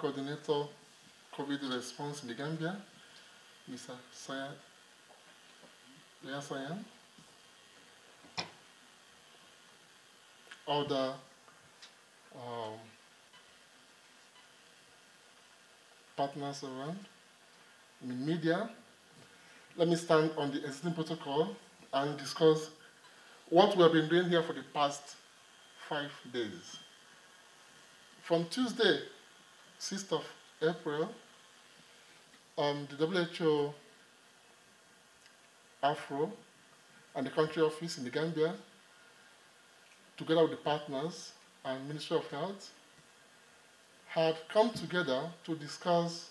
Coordinator COVID Response in the Gambia, Mr. Sayan, Sayan. Other um, partners around in media. Let me stand on the existing protocol and discuss what we have been doing here for the past five days. From Tuesday, 6th of April, um, the WHO Afro and the country office in the Gambia, together with the partners and Ministry of Health, had come together to discuss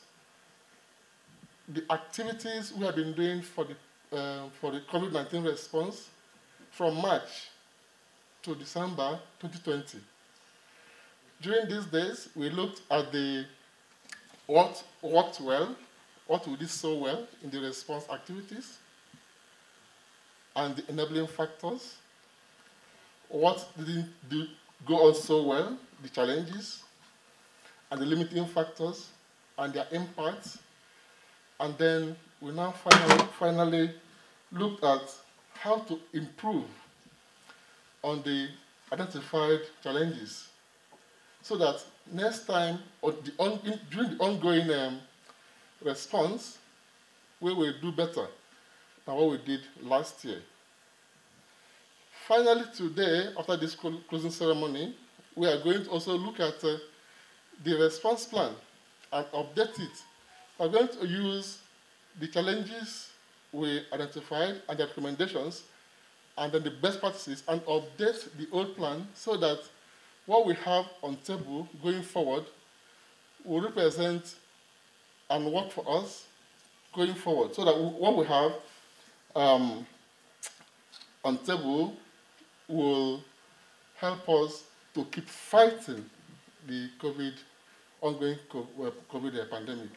the activities we have been doing for the, uh, for the COVID-19 response from March to December 2020. During these days, we looked at the what worked well, what we did so well in the response activities, and the enabling factors, what didn't do, go on so well, the challenges, and the limiting factors, and their impacts, and then we now finally, finally looked at how to improve on the identified challenges so that next time or the on, in, during the ongoing um, response, we will do better than what we did last year. Finally, today, after this closing ceremony, we are going to also look at uh, the response plan and update it. We're going to use the challenges we identified and the recommendations and then the best practices and update the old plan so that what we have on table going forward will represent and work for us going forward. So that what we have um, on table will help us to keep fighting the COVID, ongoing COVID uh, pandemic.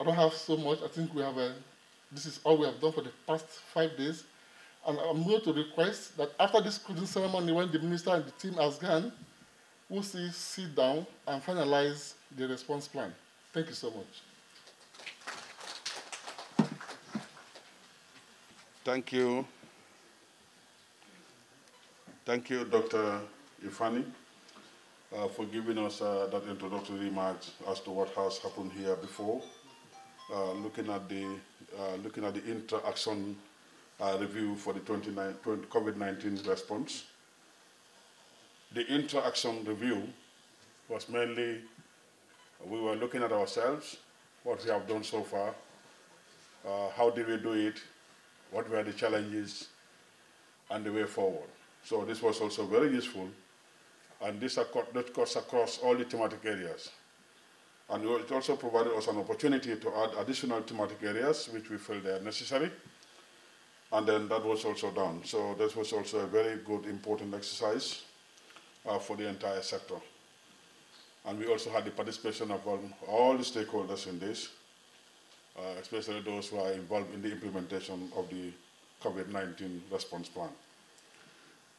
I don't have so much. I think we have a, uh, this is all we have done for the past five days. And I'm going to request that after this closing ceremony, when the minister and the team has gone, we'll see, sit down and finalize the response plan. Thank you so much. Thank you. Thank you, Dr. Ifani, uh, for giving us uh, that introductory remarks as to what has happened here before. Uh, looking at the uh, looking at the interaction uh, review for the COVID-19 response. The interaction review was mainly we were looking at ourselves, what we have done so far, uh, how did we do it, what were the challenges, and the way forward. So this was also very useful, and this cuts across all the thematic areas. And it also provided us an opportunity to add additional thematic areas which we felt were are necessary. And then that was also done. So that was also a very good, important exercise uh, for the entire sector. And we also had the participation of um, all the stakeholders in this, uh, especially those who are involved in the implementation of the COVID-19 response plan.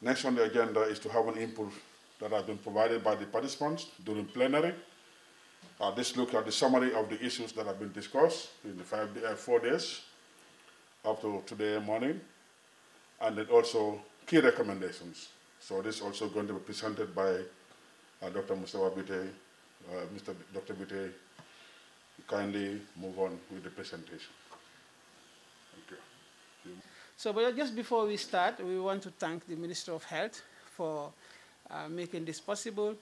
Next on the agenda is to have an input that has been provided by the participants during plenary. Uh, this looks at the summary of the issues that have been discussed in the five, uh, four days up to today morning, and then also key recommendations. So this is also going to be presented by uh, Dr. Mustafa Bite. Uh, Mr. Dr. Bite, kindly move on with the presentation. Thank you. So but just before we start, we want to thank the Minister of Health for uh, making this possible,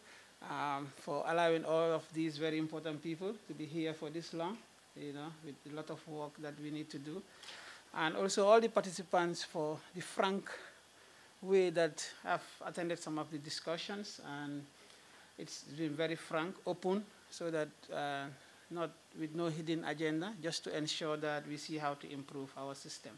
um, for allowing all of these very important people to be here for this long, you know, with a lot of work that we need to do and also all the participants for the frank way that have attended some of the discussions and it's been very frank, open, so that uh, not with no hidden agenda, just to ensure that we see how to improve our system.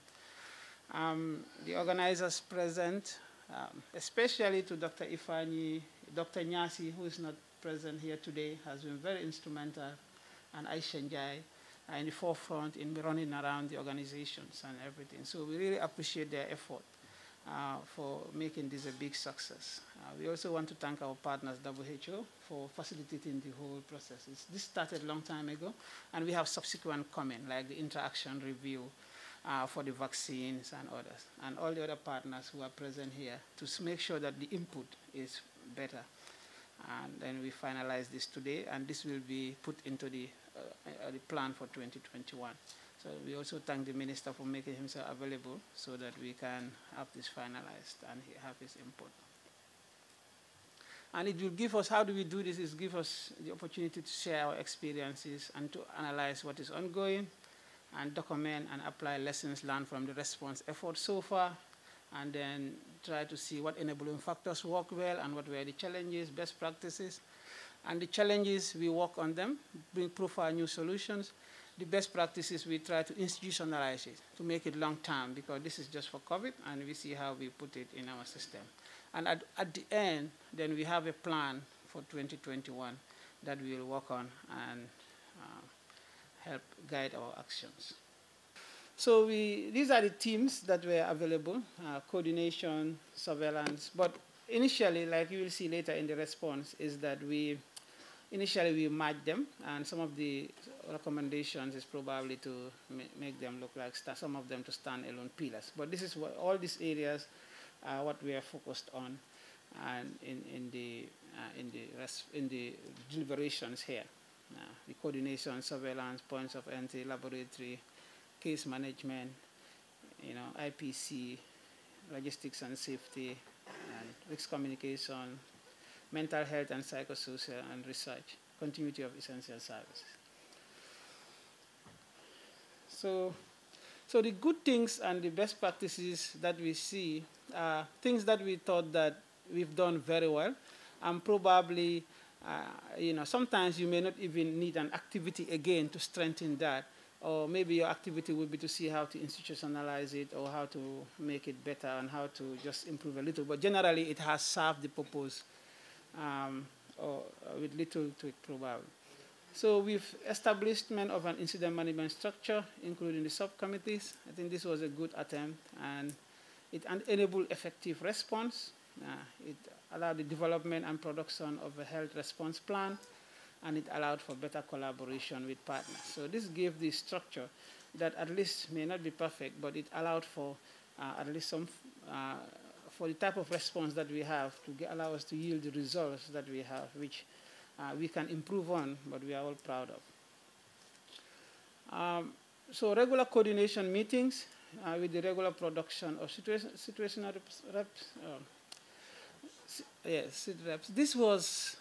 Um, the organizers present, um, especially to Dr. Ifani, Dr. Nyasi, who is not present here today, has been very instrumental, and Aishenjai, in the forefront in running around the organizations and everything. So we really appreciate their effort uh, for making this a big success. Uh, we also want to thank our partners, WHO, for facilitating the whole process. It's, this started a long time ago, and we have subsequent comment, like the interaction review uh, for the vaccines and others, and all the other partners who are present here to make sure that the input is better. And then we finalize this today, and this will be put into the the uh, plan for 2021. So we also thank the minister for making himself available so that we can have this finalized and have his input. And it will give us, how do we do this, is give us the opportunity to share our experiences and to analyze what is ongoing and document and apply lessons learned from the response effort so far and then try to see what enabling factors work well and what were the challenges, best practices, and the challenges, we work on them, bring proof our new solutions. The best practices, we try to institutionalize it to make it long term because this is just for COVID and we see how we put it in our system. And at, at the end, then we have a plan for 2021 that we will work on and uh, help guide our actions. So we, these are the teams that were available, uh, coordination, surveillance, but initially, like you will see later in the response, is that we initially we match them and some of the recommendations is probably to ma make them look like some of them to stand alone pillars but this is what all these areas are what we are focused on and in, in the uh, in the in the deliberations here uh, the coordination surveillance points of entry laboratory case management you know IPC logistics and safety and risk communication mental health and psychosocial and research, continuity of essential services. So, so the good things and the best practices that we see are things that we thought that we've done very well, and probably, uh, you know, sometimes you may not even need an activity again to strengthen that, or maybe your activity would be to see how to institutionalize it or how to make it better and how to just improve a little. But generally, it has served the purpose um, or uh, with little to it probably. So we've establishment of an incident management structure, including the subcommittees. I think this was a good attempt, and it enabled effective response. Uh, it allowed the development and production of a health response plan, and it allowed for better collaboration with partners. So this gave the structure that at least may not be perfect, but it allowed for uh, at least some uh, for the type of response that we have to get, allow us to yield the results that we have, which uh, we can improve on, but we are all proud of. Um, so regular coordination meetings uh, with the regular production of situa situational reps. reps um, yes, sit reps. This was,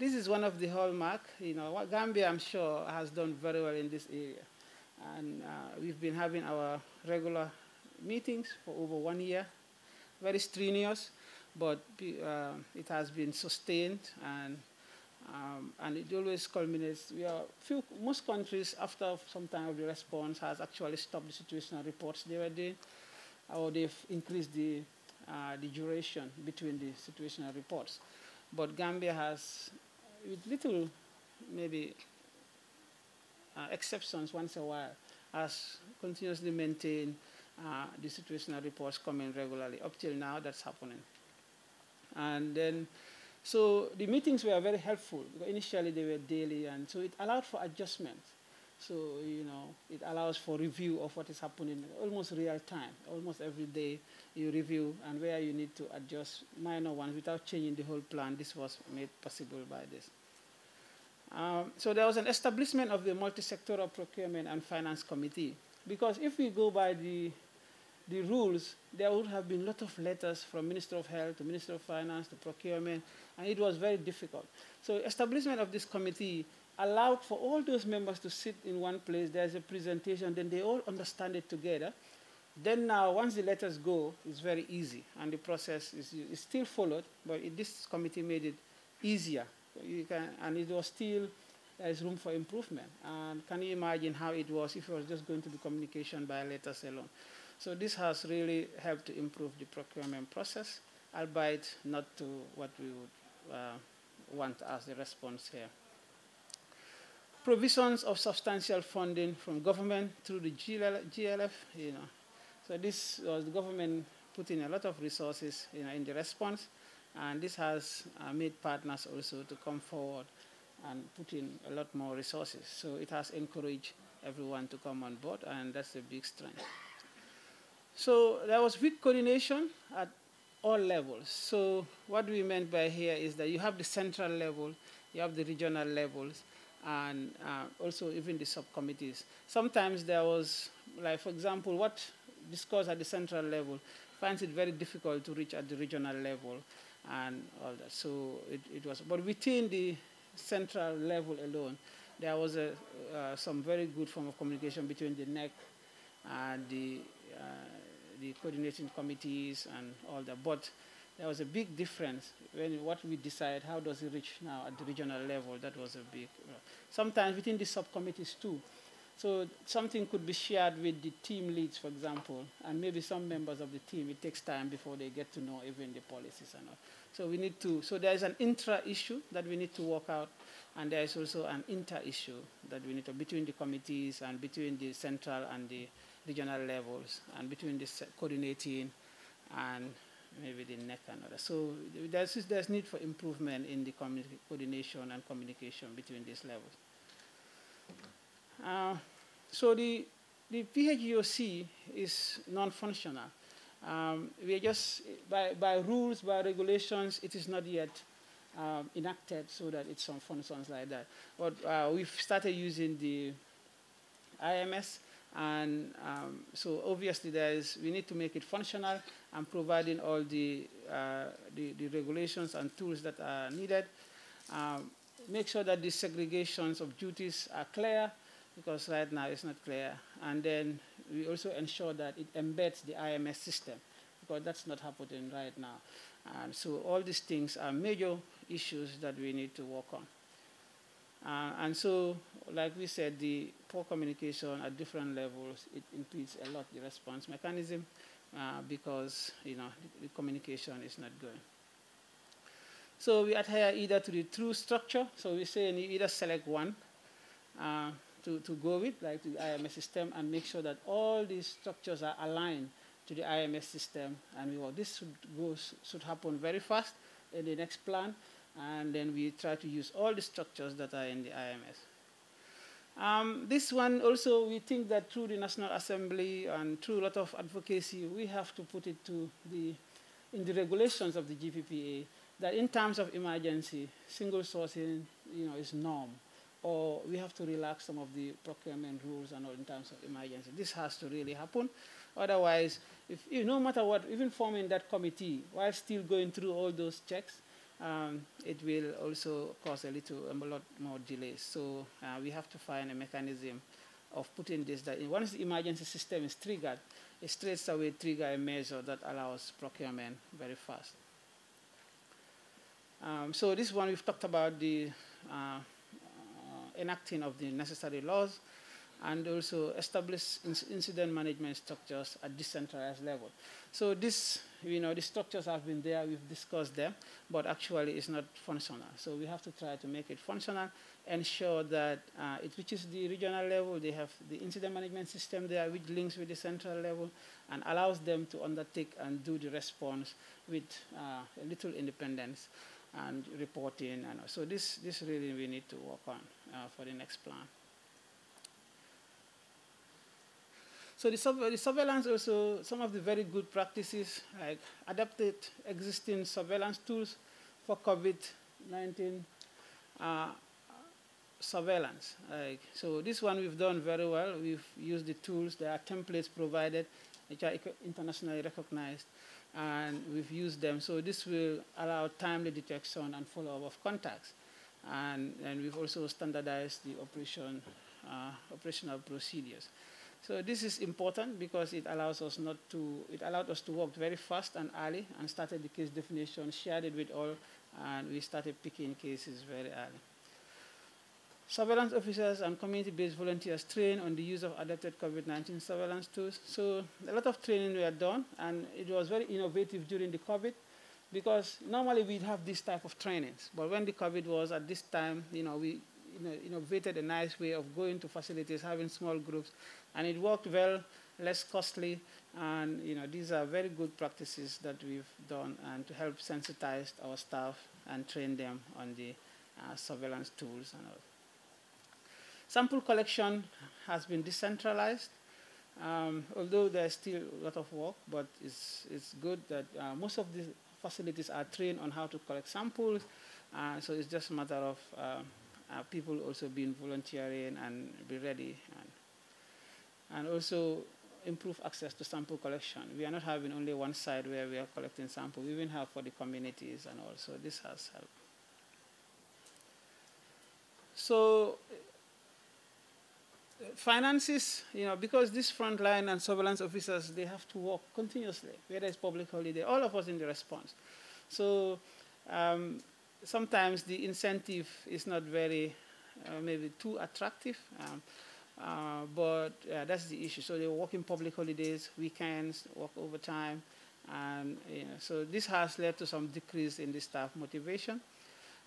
this is one of the hallmark. You know, Gambia, I'm sure, has done very well in this area, and uh, we've been having our regular meetings for over one year very strenuous, but uh, it has been sustained and um, and it always culminates. We are few most countries after some time of the response has actually stopped the situational reports they were doing, or they've increased the uh, the duration between the situational reports. But Gambia has, with little maybe uh, exceptions once a while, has continuously maintained uh, the situational reports coming regularly. Up till now, that's happening. And then, so the meetings were very helpful. Initially, they were daily, and so it allowed for adjustment. So, you know, it allows for review of what is happening almost real time. Almost every day you review and where you need to adjust minor ones without changing the whole plan. This was made possible by this. Um, so there was an establishment of the multi-sectoral procurement and finance committee. Because if we go by the the rules, there would have been a lot of letters from Minister of Health to Minister of Finance to Procurement, and it was very difficult. So establishment of this committee allowed for all those members to sit in one place. There's a presentation, then they all understand it together. Then now, once the letters go, it's very easy, and the process is, is still followed, but it, this committee made it easier. You can, and it was still, there's room for improvement. And can you imagine how it was if it was just going to be communication by letters alone? So this has really helped to improve the procurement process, albeit not to what we would uh, want as the response here. Provisions of substantial funding from government through the GLF, you know. So this was the government putting a lot of resources you know, in the response, and this has uh, made partners also to come forward and put in a lot more resources. So it has encouraged everyone to come on board, and that's a big strength. So there was weak coordination at all levels. So what we meant by here is that you have the central level, you have the regional levels, and uh, also even the subcommittees. Sometimes there was, like for example, what discussed at the central level finds it very difficult to reach at the regional level and all that. So it, it was, but within the central level alone, there was a, uh, some very good form of communication between the NEC and the uh, the coordinating committees and all that. But there was a big difference when what we decide, how does it reach now at the regional level? That was a big. Uh, sometimes within the subcommittees too. So something could be shared with the team leads, for example, and maybe some members of the team. It takes time before they get to know even the policies and all. So we need to. So there is an intra issue that we need to work out, and there is also an inter issue that we need to between the committees and between the central and the regional levels and between this coordinating and maybe the neck and other. So there's, there's need for improvement in the coordination and communication between these levels. Uh, so the, the PHGOC is non-functional. Um, we are just, by, by rules, by regulations, it is not yet um, enacted so that it's some functions like that. But uh, we've started using the IMS, and um, so obviously there is, we need to make it functional and providing all the, uh, the, the, regulations and tools that are needed. Um, make sure that the segregations of duties are clear because right now it's not clear. And then we also ensure that it embeds the IMS system because that's not happening right now. And so all these things are major issues that we need to work on. Uh, and so, like we said, the poor communication at different levels, it impedes a lot the response mechanism uh, because, you know, the, the, communication is not going. So we adhere either to the true structure, so we say you either select one uh, to, to go with, like the IMS system, and make sure that all these structures are aligned to the IMS system. And we will, this should, go, should happen very fast in the next plan and then we try to use all the structures that are in the IMS. Um, this one also, we think that through the National Assembly and through a lot of advocacy, we have to put it to the, in the regulations of the GPPA, that in times of emergency, single sourcing you know, is norm, or we have to relax some of the procurement rules and all in terms of emergency. This has to really happen. Otherwise, if, no matter what, even forming that committee, while still going through all those checks, um, it will also cause a little a lot more delays. So uh, we have to find a mechanism of putting this that once the emergency system is triggered, it straight away trigger a measure that allows procurement very fast. Um, so this one we've talked about the uh, uh enacting of the necessary laws and also establish incident management structures at decentralized level. So this, you know, the structures have been there, we've discussed them, but actually it's not functional. So we have to try to make it functional, ensure that uh, it reaches the regional level, they have the incident management system there which links with the central level and allows them to undertake and do the response with uh, a little independence and reporting and so this, this really we need to work on uh, for the next plan. So the, the surveillance also, some of the very good practices, like adapted existing surveillance tools for COVID-19 uh, surveillance. Like, so this one we've done very well. We've used the tools. There are templates provided, which are internationally recognized, and we've used them. So this will allow timely detection and follow-up of contacts. And, and we've also standardized the operation, uh, operational procedures. So this is important because it allows us not to, it allowed us to work very fast and early and started the case definition, shared it with all, and we started picking cases very early. Surveillance officers and community-based volunteers trained on the use of adapted COVID-19 surveillance tools. So a lot of training were done, and it was very innovative during the COVID because normally we have this type of trainings, but when the COVID was at this time, you know, we you know, innovated a nice way of going to facilities, having small groups, and it worked well, less costly, and you know, these are very good practices that we've done and to help sensitize our staff and train them on the uh, surveillance tools and all. Sample collection has been decentralized, um, although there's still a lot of work, but it's, it's good that uh, most of the facilities are trained on how to collect samples, uh, so it's just a matter of uh, uh, people also been volunteering and be ready and, and also improve access to sample collection. We are not having only one side where we are collecting sample. We even have for the communities and also this has helped. So finances, you know, because these frontline and surveillance officers, they have to work continuously, whether it's public holiday, all of us in the response. So um, sometimes the incentive is not very, uh, maybe too attractive, um, uh, but uh, that's the issue. So they work in public holidays, weekends, work overtime, and you know, so this has led to some decrease in the staff motivation,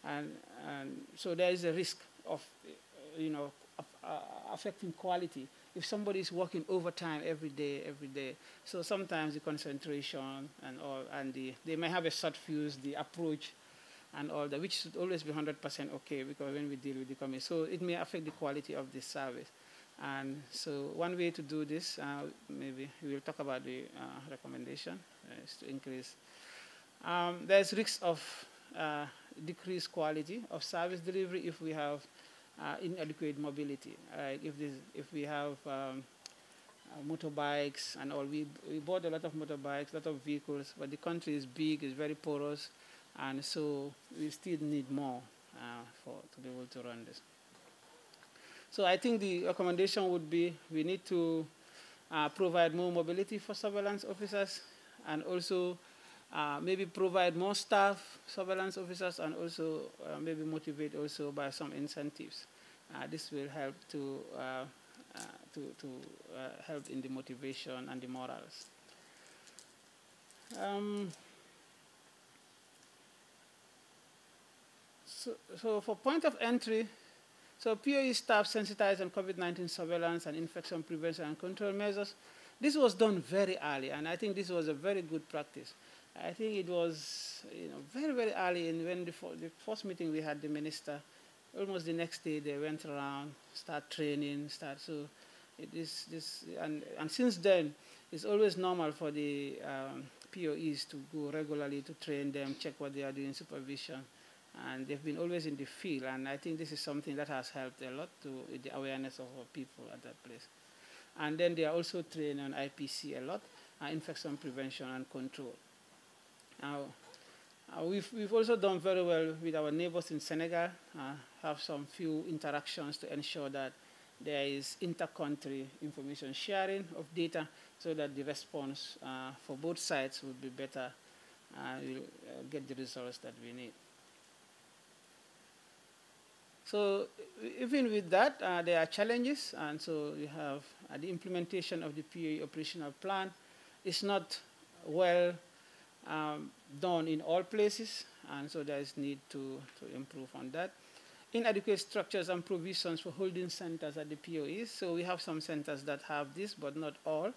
and, and so there is a risk of, you know, uh, affecting quality. If somebody is working overtime every day, every day, so sometimes the concentration and all, and the, they may have a short fuse, the approach and all that, which should always be 100% okay because when we deal with the community. So it may affect the quality of the service. And so one way to do this, uh, maybe we'll talk about the uh, recommendation, uh, is to increase. Um, there's risks of uh, decreased quality of service delivery if we have uh, inadequate mobility. Like if, this, if we have um, uh, motorbikes and all, we, we bought a lot of motorbikes, a lot of vehicles, but the country is big, it's very porous, and so we still need more uh, for to be able to run this. So I think the recommendation would be we need to uh, provide more mobility for surveillance officers and also uh, maybe provide more staff, surveillance officers, and also uh, maybe motivate also by some incentives. Uh, this will help to, uh, to, to help in the motivation and the morals. Um, So, so for point of entry, so POE staff sensitized on COVID-19 surveillance and infection prevention and control measures. This was done very early, and I think this was a very good practice. I think it was you know, very, very early in when the, the first meeting we had the minister, almost the next day they went around, start training, start, so it is this, and, and since then, it's always normal for the um, POEs to go regularly to train them, check what they are doing, supervision, and they've been always in the field. And I think this is something that has helped a lot to the awareness of our people at that place. And then they are also trained on IPC a lot, uh, infection prevention and control. Now, uh, we've, we've also done very well with our neighbors in Senegal, uh, have some few interactions to ensure that there is inter-country information sharing of data so that the response uh, for both sides will be better and uh, we'll uh, get the results that we need. So even with that, uh, there are challenges, and so we have uh, the implementation of the PA operational plan. It's not well um, done in all places, and so there is need to, to improve on that. Inadequate structures and provisions for holding centers at the POEs. So we have some centers that have this, but not all,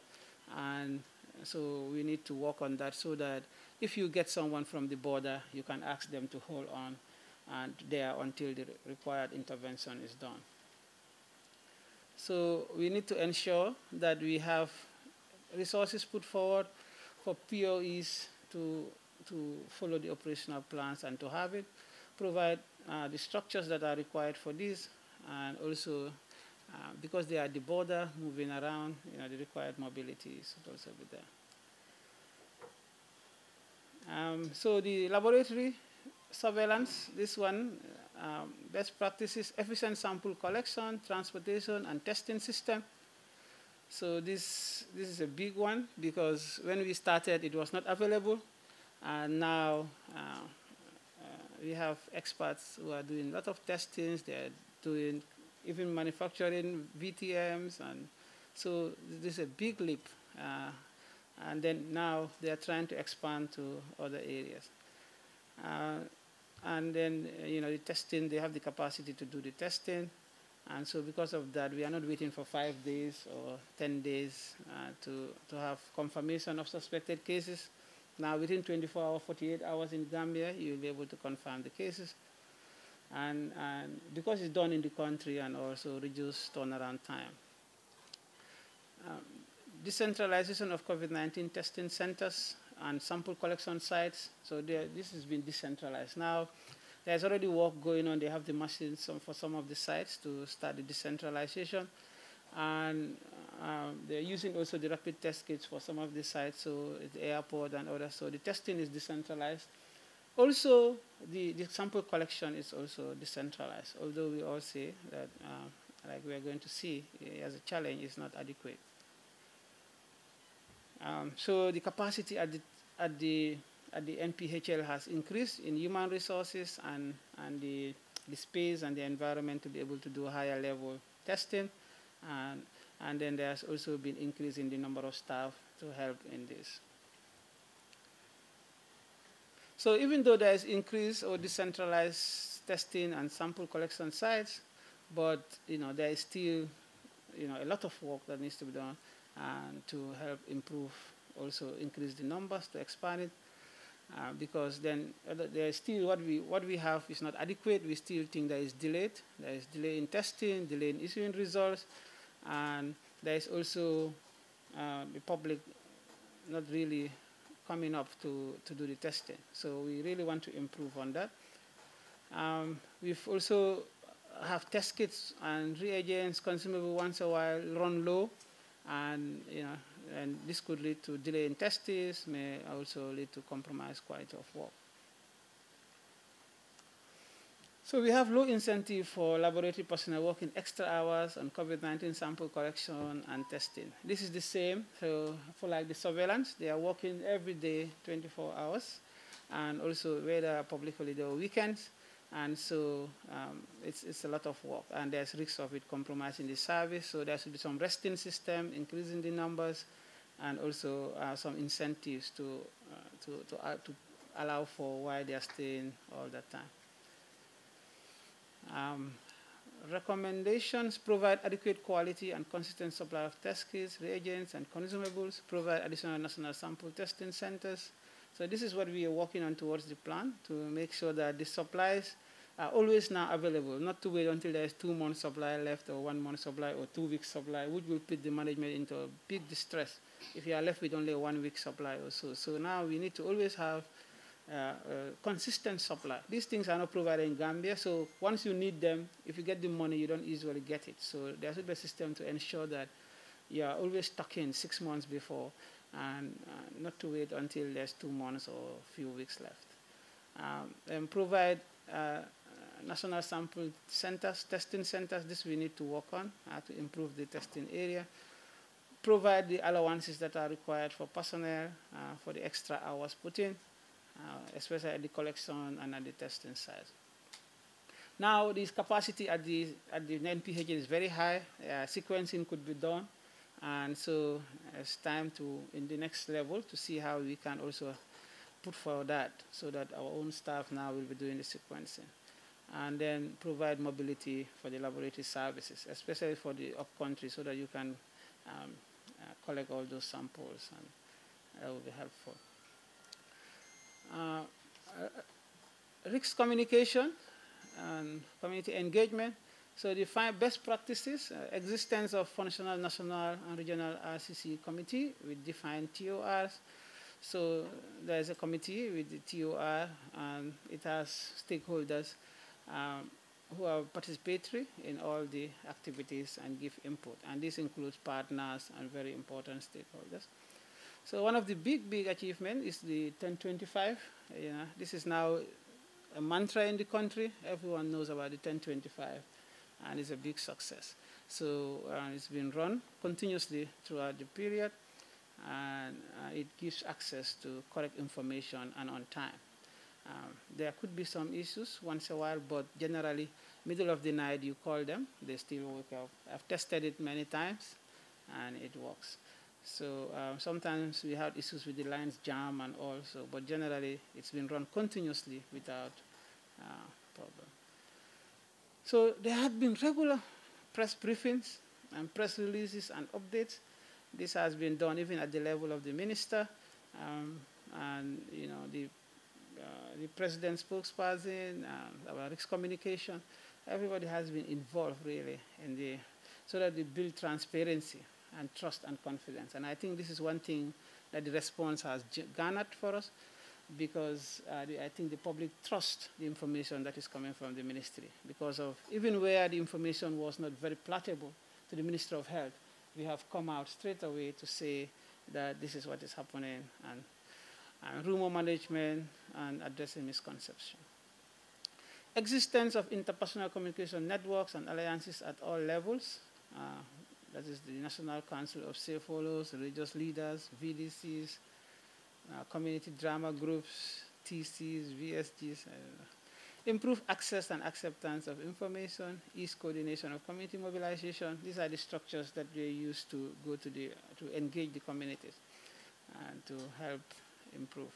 and so we need to work on that so that if you get someone from the border, you can ask them to hold on and there until the required intervention is done. So we need to ensure that we have resources put forward for POEs to, to follow the operational plans and to have it, provide uh, the structures that are required for this, and also uh, because they are at the border, moving around, you know, the required mobility should also be there. Um, so the laboratory surveillance, this one, um, best practices, efficient sample collection, transportation, and testing system. So this, this is a big one because when we started, it was not available. And now uh, uh, we have experts who are doing a lot of testings. They're doing even manufacturing VTMs. And so this is a big leap. Uh, and then now they are trying to expand to other areas. Uh, and then, uh, you know, the testing, they have the capacity to do the testing. And so because of that, we are not waiting for five days or 10 days uh, to, to have confirmation of suspected cases. Now, within 24 hours, 48 hours in Gambia, you'll be able to confirm the cases. And, and because it's done in the country and also reduce turnaround time. Um, decentralization of COVID-19 testing centers and sample collection sites. So this has been decentralized. Now, there's already work going on. They have the machines for some of the sites to start the decentralization. And um, they're using also the rapid test kits for some of the sites, so the airport and others. So the testing is decentralized. Also, the, the sample collection is also decentralized, although we all say that, uh, like we're going to see, eh, as a challenge, is not adequate. Um, so the capacity at the, at, the, at the NPHL has increased in human resources and, and the, the space and the environment to be able to do higher level testing. And, and then there's also been increase in the number of staff to help in this. So even though there is increase or decentralized testing and sample collection sites, but you know there is still you know a lot of work that needs to be done and to help improve, also increase the numbers to expand it. Uh, because then uh, there's still what we what we have is not adequate. We still think there is delayed. There is delay in testing, delay in issuing results, and there is also uh, the public not really coming up to, to do the testing. So we really want to improve on that. Um, we've also have test kits and reagents consumable once a while run low and you know, and this could lead to delay in testes, may also lead to compromised quality of work. So we have low incentive for laboratory personnel working extra hours on COVID-19 sample collection and testing. This is the same, so for like the surveillance, they are working every day, 24 hours, and also whether public holiday or weekends. And so um, it's, it's a lot of work, and there's risks of it compromising the service. So there should be some resting system, increasing the numbers, and also uh, some incentives to, uh, to, to, uh, to, allow for why they are staying all the time. Um, recommendations provide adequate quality and consistent supply of test kits, reagents, and consumables, provide additional national sample testing centers. So this is what we are working on towards the plan to make sure that the supplies are always now available, not to wait until there's two months supply left or one month supply or two weeks supply, which will put the management into a big distress if you are left with only one week supply or so. So now we need to always have uh, uh, consistent supply. These things are not provided in Gambia, so once you need them, if you get the money, you don't easily get it. So there should be a system to ensure that you are always stocking six months before and uh, not to wait until there's two months or a few weeks left. Um, and provide uh, national sample centers, testing centers, this we need to work on uh, to improve the testing area. Provide the allowances that are required for personnel, uh, for the extra hours put in, uh, especially at the collection and at the testing site. Now, this capacity at the, at the NPH is very high. Uh, sequencing could be done. And so it's time to, in the next level, to see how we can also put for that so that our own staff now will be doing the sequencing and then provide mobility for the laboratory services, especially for the upcountry, so that you can um, uh, collect all those samples, and that will be helpful. Uh, uh risk communication and community engagement. So define best practices, uh, existence of functional national and regional RCC committee with defined TORs. So there's a committee with the TOR and it has stakeholders um, who are participatory in all the activities and give input. And this includes partners and very important stakeholders. So one of the big, big achievements is the 1025. You know, this is now a mantra in the country. Everyone knows about the 1025, and it's a big success. So uh, it's been run continuously throughout the period, and uh, it gives access to correct information and on time. Um, there could be some issues once a while, but generally, middle of the night, you call them, they still wake up. I've tested it many times, and it works. So um, sometimes we had issues with the lines jam and all, so, but generally, it's been run continuously without uh, problem. So there had been regular press briefings and press releases and updates. This has been done even at the level of the minister, um, and you know the uh, the president spokesperson, um, our risk communication, everybody has been involved really in the, so that we build transparency and trust and confidence. And I think this is one thing that the response has garnered for us because uh, the, I think the public trust the information that is coming from the ministry because of even where the information was not very palatable to the Minister of Health, we have come out straight away to say that this is what is happening and and rumor management, and addressing misconception. Existence of interpersonal communication networks and alliances at all levels, uh, that is the National Council of Safe religious leaders, VDCs, uh, community drama groups, TCs, VSGs, uh, improve access and acceptance of information, ease coordination of community mobilization. These are the structures that we use to go to the, to engage the communities and to help improve.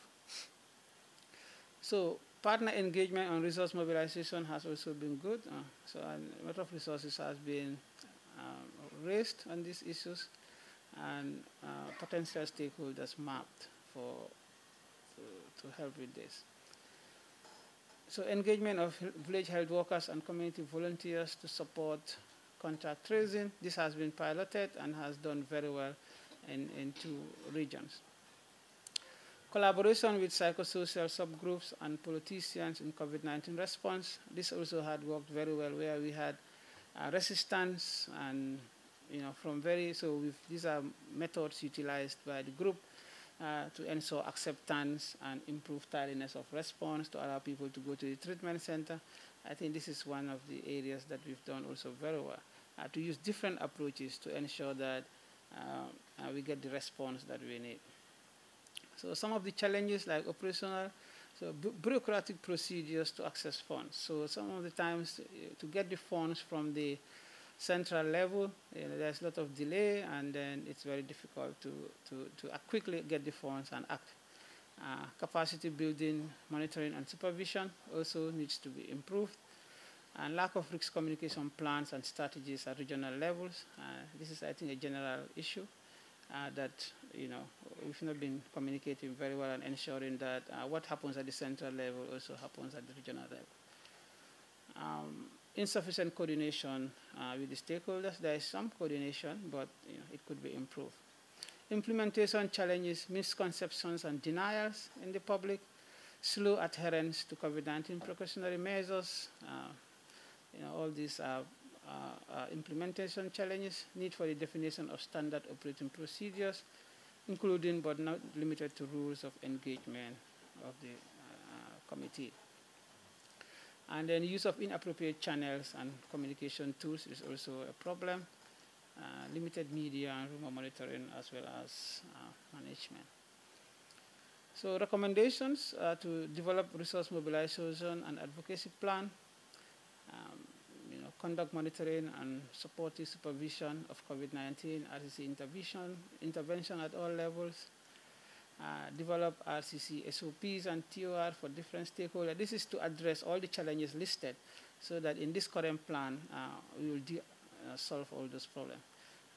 So partner engagement on resource mobilization has also been good. Uh, so a lot of resources has been um, raised on these issues and uh, potential stakeholders mapped for to, to help with this. So engagement of village health workers and community volunteers to support contact tracing. This has been piloted and has done very well in, in two regions. Collaboration with psychosocial subgroups and politicians in COVID-19 response. This also had worked very well where we had uh, resistance and you know from very so these are methods utilized by the group uh, to ensure acceptance and improve timeliness of response to allow people to go to the treatment center. I think this is one of the areas that we've done also very well uh, to use different approaches to ensure that uh, uh, we get the response that we need. So some of the challenges like operational, so bureaucratic procedures to access funds. So some of the times uh, to get the funds from the central level, you know, there's a lot of delay, and then it's very difficult to, to, to quickly get the funds and act. Uh, capacity building, monitoring, and supervision also needs to be improved. And lack of risk communication plans and strategies at regional levels. Uh, this is, I think, a general issue uh, that you know we've not been communicating very well and ensuring that uh, what happens at the central level also happens at the regional level. Um, insufficient coordination uh, with the stakeholders. There is some coordination, but you know, it could be improved. Implementation challenges, misconceptions and denials in the public, slow adherence to COVID-19 precautionary measures. Uh, you know, all these are uh, uh, implementation challenges, need for the definition of standard operating procedures, including but not limited to rules of engagement of the uh, committee. And then use of inappropriate channels and communication tools is also a problem. Uh, limited media and rumor monitoring as well as uh, management. So recommendations are to develop resource mobilization and advocacy plan, um, conduct monitoring and supportive supervision of COVID-19 RCC intervention, intervention at all levels, uh, develop RCC SOPs and TOR for different stakeholders. This is to address all the challenges listed so that in this current plan, uh, we will uh, solve all those problems.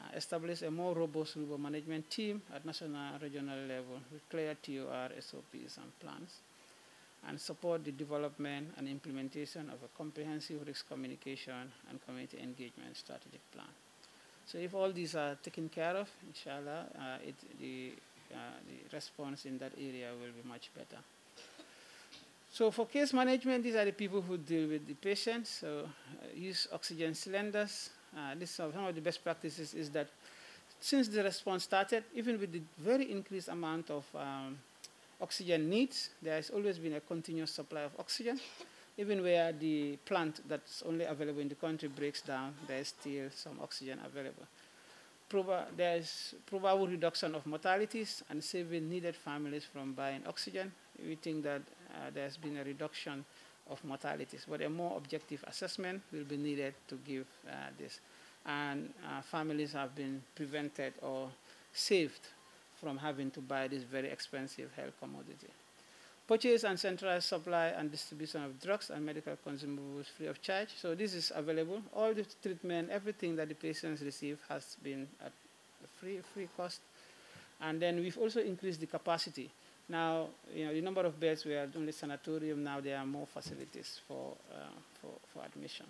Uh, establish a more robust river management team at national and regional level with clear TOR SOPs and plans and support the development and implementation of a comprehensive risk communication and community engagement strategic plan. So if all these are taken care of, inshallah, uh, it, the, uh, the response in that area will be much better. So for case management, these are the people who deal with the patients. So uh, use oxygen cylinders. Uh, this is one of the best practices is that since the response started, even with the very increased amount of um, oxygen needs. There has always been a continuous supply of oxygen. Even where the plant that's only available in the country breaks down, there's still some oxygen available. Proba there's probable reduction of mortalities and saving needed families from buying oxygen. We think that uh, there's been a reduction of mortalities, but a more objective assessment will be needed to give uh, this. And uh, families have been prevented or saved from having to buy this very expensive health commodity. Purchase and centralized supply and distribution of drugs and medical consumables free of charge. So this is available. All the treatment, everything that the patients receive has been at free, free cost. And then we've also increased the capacity. Now, you know, the number of beds we doing the sanatorium, now there are more facilities for, uh, for, for admission.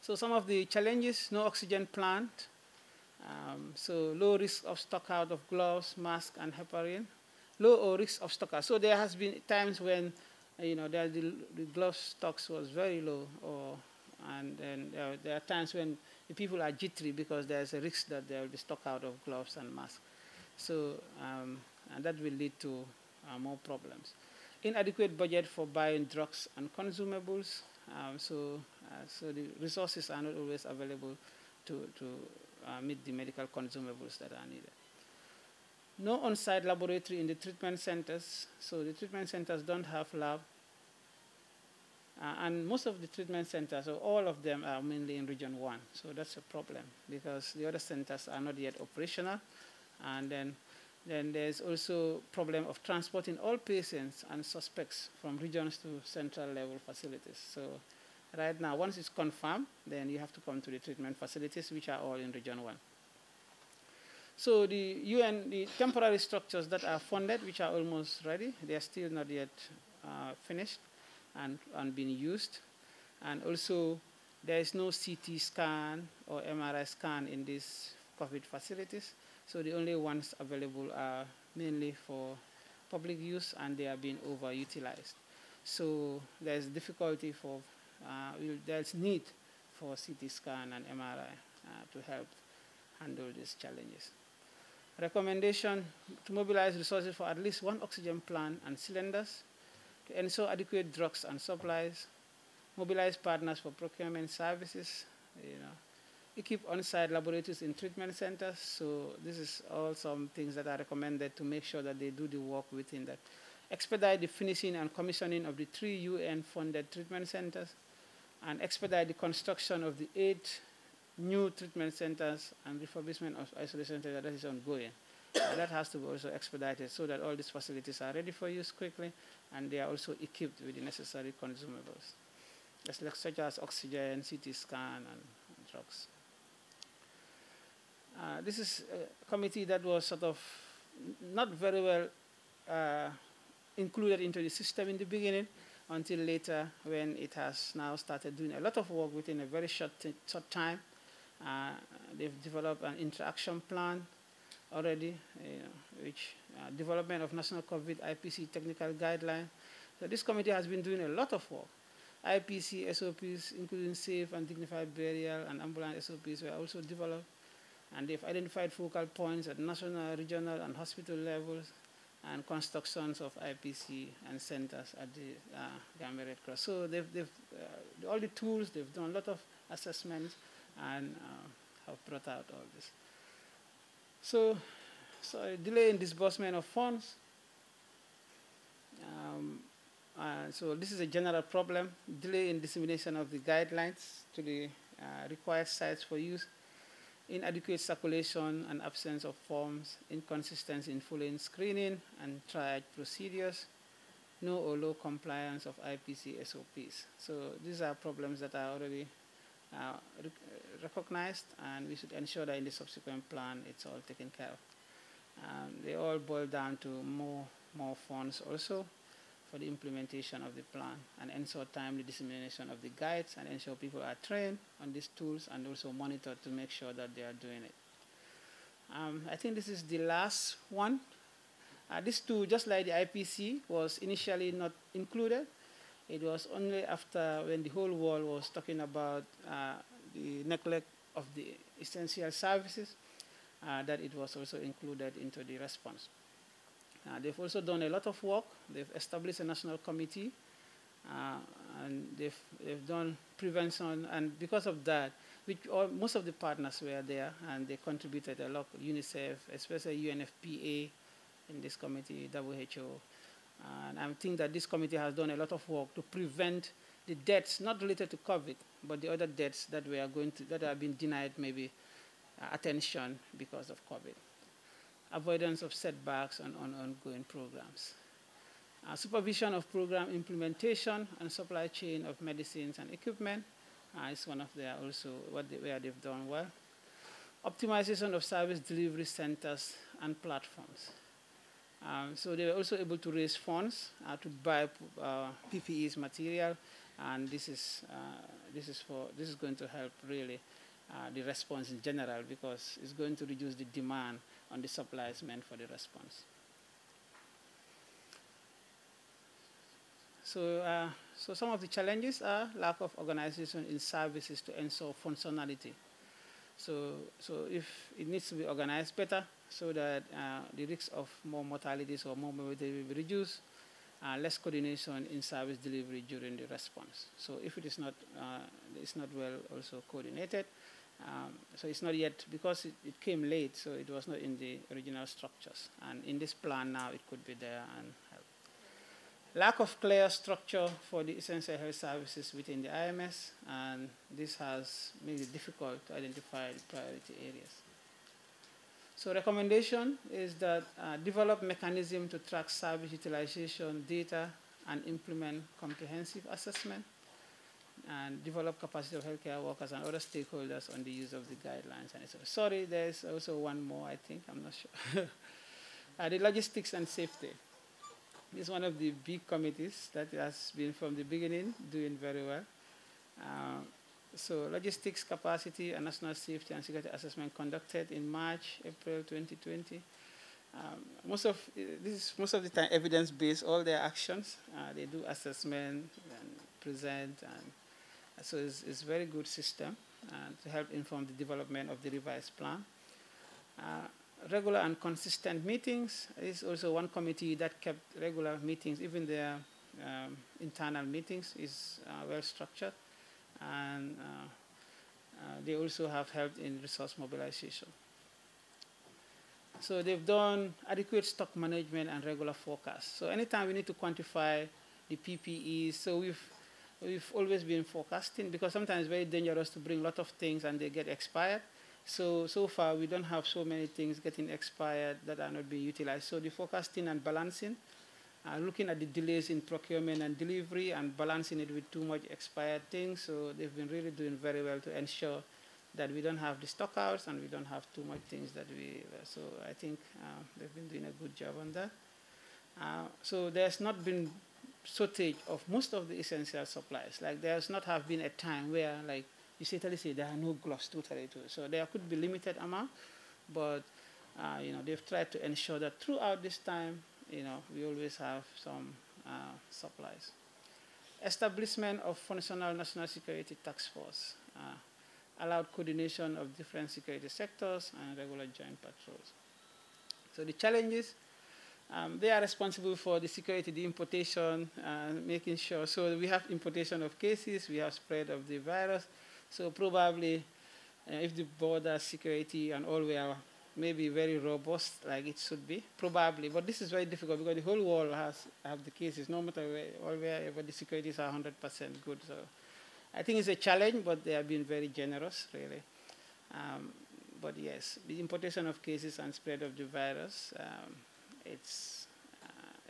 So some of the challenges, no oxygen plant, um, so low risk of stockout of gloves, mask, and heparin. Low risk of stockout. So there has been times when, you know, the, the glove stocks was very low, or and then there are, there, are times when the people are jittery because there's a risk that there will be stockout of gloves and masks. So um, and that will lead to uh, more problems. Inadequate budget for buying drugs and consumables. Um, so uh, so the resources are not always available to to uh, meet the medical consumables that are needed. No on-site laboratory in the treatment centers, so the treatment centers don't have lab. Uh, and most of the treatment centers, or all of them, are mainly in Region 1, so that's a problem because the other centers are not yet operational. And then, then there's also problem of transporting all patients and suspects from regions to central level facilities. So Right now, once it's confirmed, then you have to come to the treatment facilities, which are all in Region 1. So the UN, the temporary structures that are funded, which are almost ready, they are still not yet uh, finished and, and being used. And also, there is no CT scan or MRI scan in these COVID facilities. So the only ones available are mainly for public use and they are being overutilized. So there's difficulty for uh, there's need for CT scan and MRI uh, to help handle these challenges. Recommendation to mobilize resources for at least one oxygen plant and cylinders to ensure adequate drugs and supplies, mobilize partners for procurement services, you know, equip on-site laboratories in treatment centers. So this is all some things that are recommended to make sure that they do the work within that. Expedite the finishing and commissioning of the three UN-funded treatment centers, and expedite the construction of the eight new treatment centers and refurbishment of isolation centers that is ongoing. that has to be also expedited so that all these facilities are ready for use quickly and they are also equipped with the necessary consumables, like, such as oxygen, CT scan, and, and drugs. Uh, this is a committee that was sort of not very well uh, included into the system in the beginning, until later when it has now started doing a lot of work within a very short, short time. Uh, they've developed an interaction plan already, you uh, know, which uh, development of national COVID IPC technical guideline. So this committee has been doing a lot of work. IPC SOPs, including safe and dignified burial and ambulance SOPs, were also developed. And they've identified focal points at national, regional, and hospital levels and constructions of IPC and centers at the uh, Gambia Red Cross. So they've, they've uh, all the tools, they've done a lot of assessments and uh, have brought out all this. So, so delay in disbursement of funds. Um, uh, so this is a general problem, delay in dissemination of the guidelines to the uh, required sites for use inadequate circulation and absence of forms, inconsistency in full-in screening and triage procedures, no or low compliance of IPC SOPs. So these are problems that are already uh, recognized and we should ensure that in the subsequent plan it's all taken care of. Um, they all boil down to more, more funds also for the implementation of the plan and ensure timely dissemination of the guides and ensure people are trained on these tools and also monitored to make sure that they are doing it. Um, I think this is the last one. Uh, this tool, just like the IPC, was initially not included. It was only after when the whole world was talking about uh, the neglect of the essential services uh, that it was also included into the response. Uh, they've also done a lot of work. They've established a national committee, uh, and they've, they've done prevention. And because of that, which all, most of the partners were there, and they contributed a lot. UNICEF, especially UNFPA, in this committee, WHO, and I think that this committee has done a lot of work to prevent the deaths, not related to COVID, but the other deaths that we are going to, that have been denied maybe attention because of COVID avoidance of setbacks, and on ongoing programs. Uh, supervision of program implementation and supply chain of medicines and equipment uh, is one of the also what they, where they've done well. Optimization of service delivery centers and platforms. Um, so they were also able to raise funds uh, to buy uh, PPEs material, and this is uh, this is for this is going to help really uh, the response in general because it's going to reduce the demand on the suppliers meant for the response. So, uh, so some of the challenges are lack of organization in services to ensure functionality. So, so if it needs to be organized better so that uh, the risk of more mortalities or more morbidity will be reduced, uh, less coordination in service delivery during the response. So if it is not, uh, it's not well also coordinated, um, so it's not yet, because it, it, came late, so it was not in the original structures. And in this plan now, it could be there and help. Lack of clear structure for the essential health services within the IMS, and this has made it difficult to identify the priority areas. So recommendation is that uh, develop mechanism to track service utilization data and implement comprehensive assessment and develop capacity of healthcare workers and other stakeholders on the use of the guidelines. And so, sorry, there's also one more, I think, I'm not sure. uh, the logistics and safety This is one of the big committees that has been from the beginning doing very well. Uh, so logistics capacity and national safety and security assessment conducted in March, April 2020. Um, most of uh, this is most of the time evidence-based. All their actions, uh, they do assessment and present and so it's, it's a very good system uh, to help inform the development of the revised plan. Uh, regular and consistent meetings is also one committee that kept regular meetings, even their um, internal meetings is uh, well structured and uh, they also have helped in resource mobilization. So they've done adequate stock management and regular forecasts. So anytime we need to quantify the PPE, so we've We've always been forecasting because sometimes it's very dangerous to bring a lot of things and they get expired. So, so far we don't have so many things getting expired that are not being utilized. So the forecasting and balancing, uh, looking at the delays in procurement and delivery and balancing it with too much expired things. So they've been really doing very well to ensure that we don't have the stockouts and we don't have too much things that we, uh, so I think uh, they've been doing a good job on that. Uh, so there's not been shortage of most of the essential supplies. Like there has not have been a time where like you certainly say there are no gloves totally to So there could be limited amount, but uh, you know they've tried to ensure that throughout this time, you know we always have some uh, supplies. Establishment of functional national security task force uh, allowed coordination of different security sectors and regular joint patrols. So the challenges um, they are responsible for the security, the importation, uh, making sure. So we have importation of cases, we have spread of the virus. So probably uh, if the border security and all we are, maybe very robust like it should be, probably. But this is very difficult because the whole world has have the cases, no matter where, or wherever the security is 100% good. So I think it's a challenge, but they have been very generous, really. Um, but yes, the importation of cases and spread of the virus. Um, uh, its,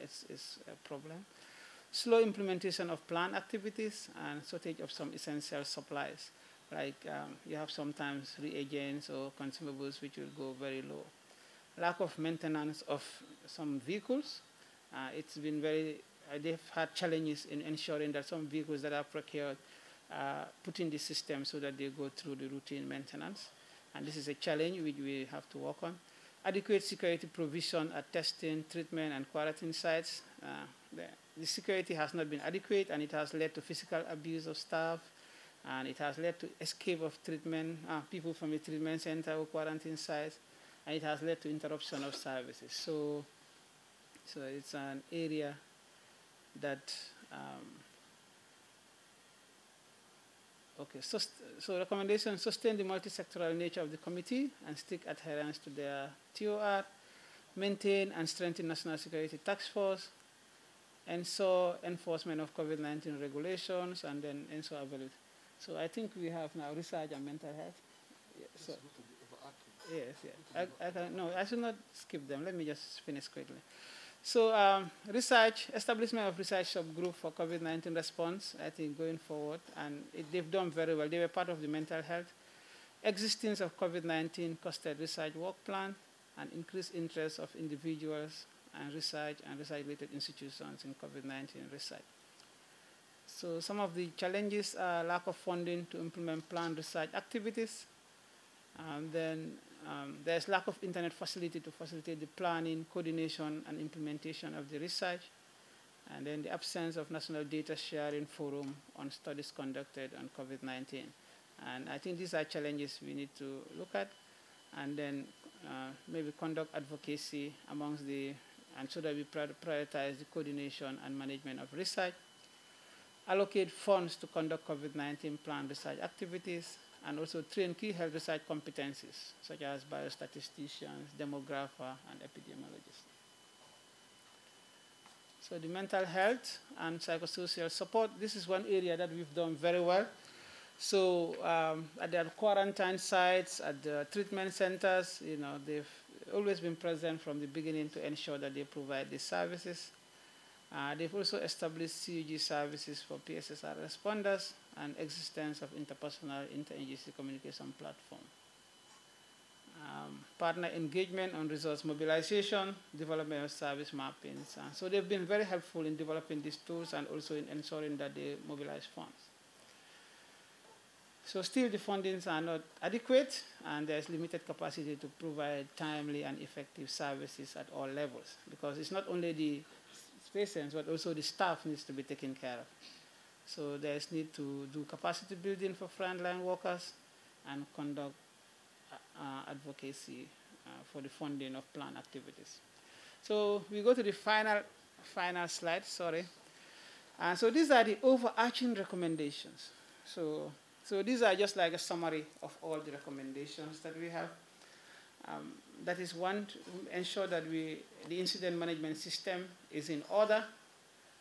its, its problem. Slow implementation of plant activities and shortage of some essential supplies, like um, you have sometimes reagents or consumables which will go very low. Lack of maintenance of some vehicles. Uh, it's been very uh, they've had challenges in ensuring that some vehicles that are procured are put in the system so that they go through the routine maintenance. And this is a challenge which we have to work on adequate security provision at testing, treatment, and quarantine sites. Uh, the, the, security has not been adequate, and it has led to physical abuse of staff, and it has led to escape of treatment uh, people from the treatment center or quarantine sites, and it has led to interruption of services. So, so it's an area that. Um, Okay, so, so recommendation, sustain the multisectoral nature of the committee and stick adherence to their TOR, maintain and strengthen national security task force, and so enforcement of COVID-19 regulations, and then ensure availability. So I think we have now research and mental health. Yeah, so, yes, yeah. I, I no, I should not skip them. Let me just finish quickly. So um, research, establishment of research subgroup for COVID-19 response, I think going forward, and it, they've done very well. They were part of the mental health. Existence of COVID-19 costed research work plan and increased interest of individuals and research and research-related institutions in COVID-19 research. So some of the challenges are lack of funding to implement planned research activities, and then um, there's lack of internet facility to facilitate the planning, coordination, and implementation of the research, and then the absence of national data sharing forum on studies conducted on COVID-19. And I think these are challenges we need to look at, and then uh, maybe conduct advocacy amongst the, and so that we prioritize the coordination and management of research, allocate funds to conduct COVID-19 plan research activities, and also train key health research competencies such as biostatisticians, demographer, and epidemiologists. So the mental health and psychosocial support, this is one area that we've done very well. So um, at the quarantine sites, at the treatment centers, you know, they've always been present from the beginning to ensure that they provide the services uh, they've also established CUG services for PSSR responders and existence of interpersonal interagency communication platform. Um, partner engagement on resource mobilization, development of service mappings. Uh, so they've been very helpful in developing these tools and also in ensuring that they mobilize funds. So still the fundings are not adequate and there's limited capacity to provide timely and effective services at all levels because it's not only the patients, but also the staff needs to be taken care of. So there's need to do capacity building for frontline workers and conduct uh, uh advocacy uh, for the funding of plan activities. So we go to the final, final slide, sorry. And uh, so these are the overarching recommendations. So, so these are just like a summary of all the recommendations that we have. Um, that is one, to ensure that we, the incident management system is in order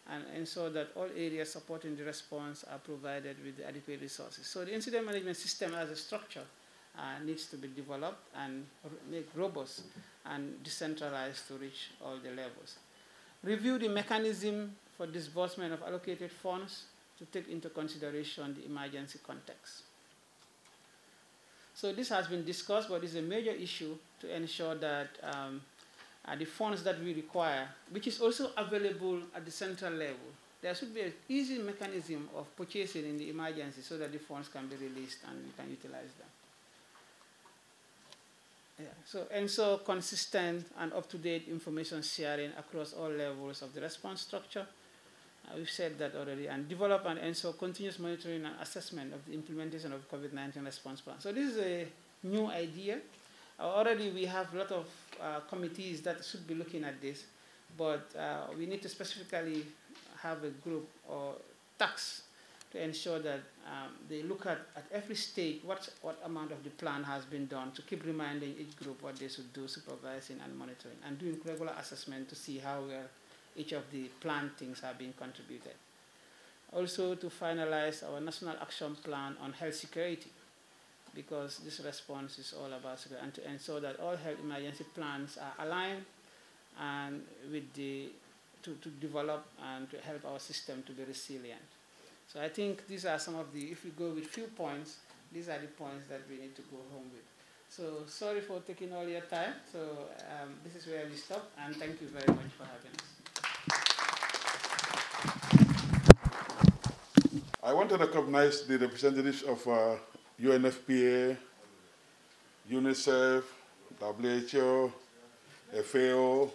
and ensure that all areas supporting the response are provided with the adequate resources. So the incident management system as a structure uh, needs to be developed and made robust and decentralized to reach all the levels. Review the mechanism for disbursement of allocated funds to take into consideration the emergency context. So this has been discussed, but it's a major issue to ensure that um, uh, the funds that we require, which is also available at the central level, there should be an easy mechanism of purchasing in the emergency so that the funds can be released and we can utilize them. Yeah. So and so consistent and up-to-date information sharing across all levels of the response structure we've said that already, and develop and ensure continuous monitoring and assessment of the implementation of COVID-19 response plan. So this is a new idea. Uh, already we have a lot of uh, committees that should be looking at this, but uh, we need to specifically have a group or tax to ensure that um, they look at, at every stage what, what amount of the plan has been done to keep reminding each group what they should do, supervising and monitoring, and doing regular assessment to see how we're uh, each of the plantings are being contributed. Also to finalize our national action plan on health security because this response is all about security and to ensure that all health emergency plans are aligned and with the to, to develop and to help our system to be resilient. So I think these are some of the, if we go with few points, these are the points that we need to go home with. So sorry for taking all your time. So um, this is where we stop and thank you very much for having us. I want to recognize the representatives of uh, UNFPA, UNICEF, WHO, FAO,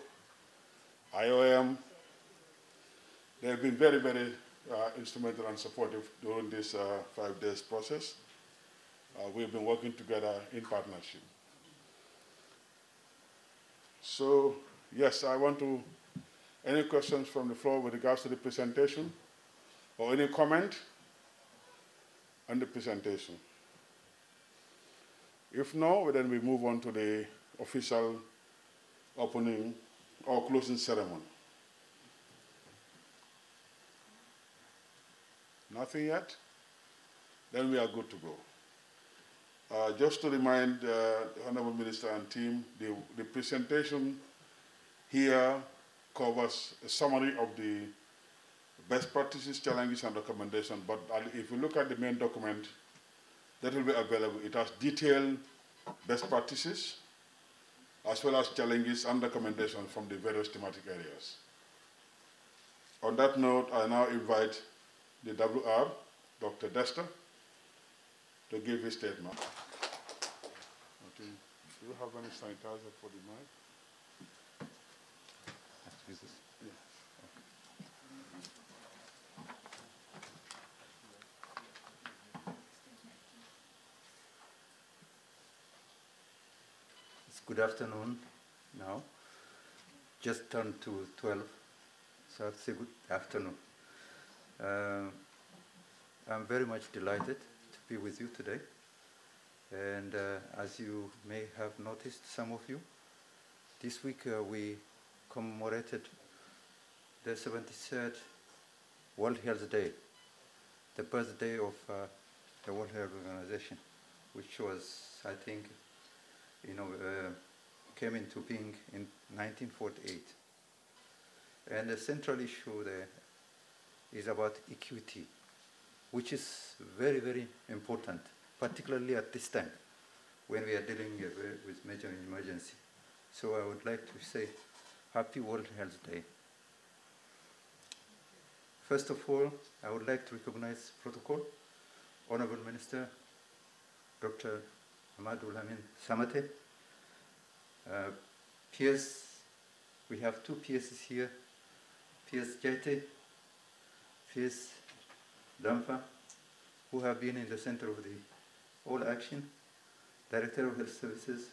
IOM. They have been very, very uh, instrumental and supportive during this uh, five days process. Uh, we've been working together in partnership. So, yes, I want to, any questions from the floor with regards to the presentation or any comment? and the presentation. If no, then we move on to the official opening or closing ceremony. Nothing yet? Then we are good to go. Uh, just to remind uh, Honorable Minister and team, the, the presentation here covers a summary of the best practices, challenges, and recommendations. But if you look at the main document that will be available, it has detailed best practices as well as challenges and recommendations from the various thematic areas. On that note, I now invite the WR, Dr. Dester, to give his statement. Okay. Do you have any sanitizer for the mic? good afternoon now. Just turned to 12, so I'd say good afternoon. Uh, I'm very much delighted to be with you today. And uh, as you may have noticed, some of you, this week uh, we commemorated the 73rd World Health Day, the birthday of uh, the World Health Organization, which was, I think, you know, uh, came into being in 1948. And the central issue there is about equity, which is very, very important, particularly at this time when we are dealing with major emergency. So I would like to say happy World Health Day. First of all, I would like to recognize protocol, Honorable Minister, Dr. Ahmadul Amin Samate. Uh, Piers, we have two pieces here, Piers Jete, Piers Dampa, who have been in the center of the all action, Director of Health Services,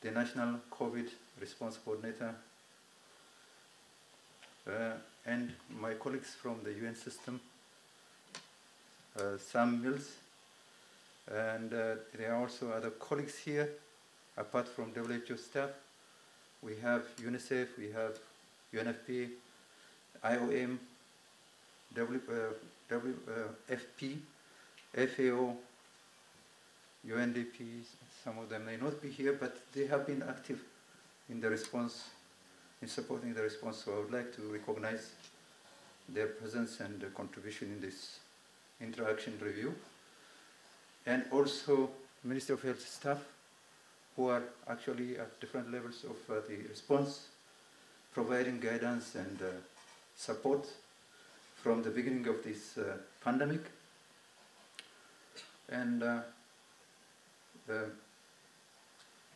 the National COVID Response Coordinator, uh, and my colleagues from the UN system, uh, Sam Mills, and uh, there are also other colleagues here, apart from WHO staff. We have UNICEF, we have UNFP, IOM, WFP, uh, uh, FAO, UNDP, some of them may not be here, but they have been active in the response, in supporting the response. So I would like to recognize their presence and contribution in this interaction review and also Ministry of Health staff who are actually at different levels of uh, the response, providing guidance and uh, support from the beginning of this uh, pandemic. And uh, the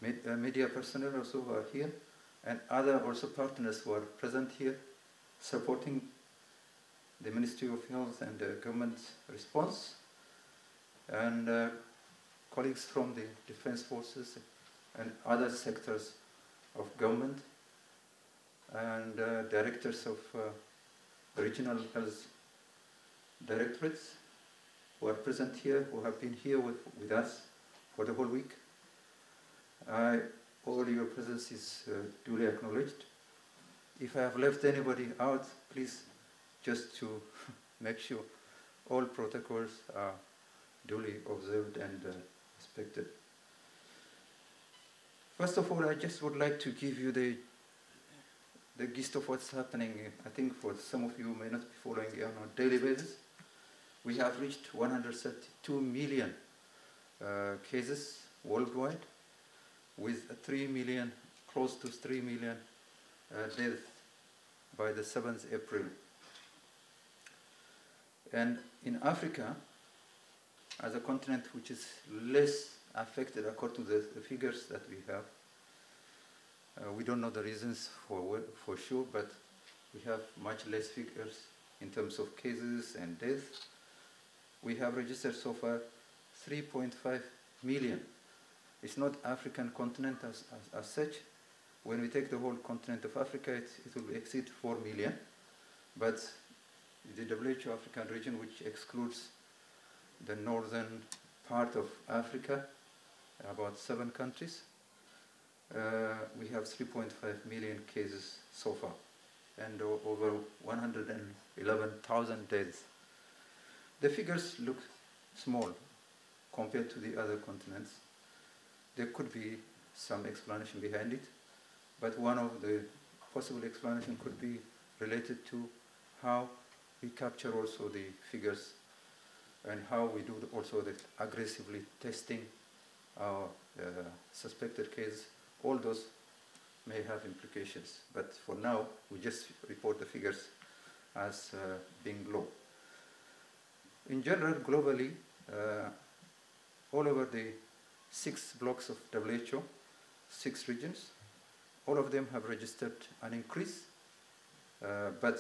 med media personnel also are here, and other also partners who are present here, supporting the Ministry of Health and the uh, government's response and uh, colleagues from the defense forces and other sectors of government and uh, directors of uh, regional health directorates who are present here, who have been here with, with us for the whole week. I, all your presence is uh, duly acknowledged. If I have left anybody out, please just to make sure all protocols are duly observed and uh, respected. First of all, I just would like to give you the the gist of what's happening. I think for some of you may not be following on a daily basis. We have reached 132 million uh, cases worldwide, with 3 million, close to 3 million uh, deaths by the 7th April. And in Africa, as a continent which is less affected according to the, the figures that we have. Uh, we don't know the reasons for, for sure, but we have much less figures in terms of cases and deaths. We have registered so far 3.5 million. It's not African continent as, as, as, such. When we take the whole continent of Africa, it, it will exceed 4 million. But the WHO African region, which excludes the northern part of Africa, about seven countries. Uh, we have 3.5 million cases so far and over 111,000 deaths. The figures look small compared to the other continents. There could be some explanation behind it, but one of the possible explanations could be related to how we capture also the figures and how we do also the aggressively testing our uh, suspected cases. All those may have implications, but for now we just report the figures as uh, being low. In general, globally, uh, all over the six blocks of WHO, six regions, all of them have registered an increase, uh, but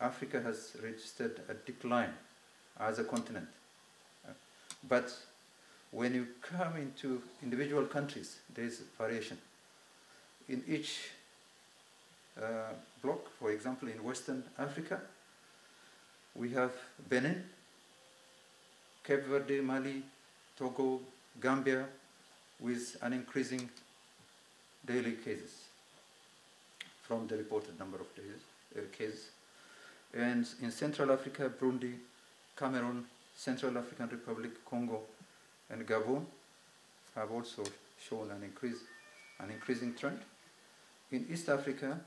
Africa has registered a decline as a continent. But when you come into individual countries, there is variation. In each uh, block, for example, in Western Africa, we have Benin, Cape Verde, Mali, Togo, Gambia, with an increasing daily cases from the reported number of days, uh, cases. And in Central Africa, Burundi, Cameroon, Central African Republic, Congo, and Gabon have also shown an, increase, an increasing trend. In East Africa,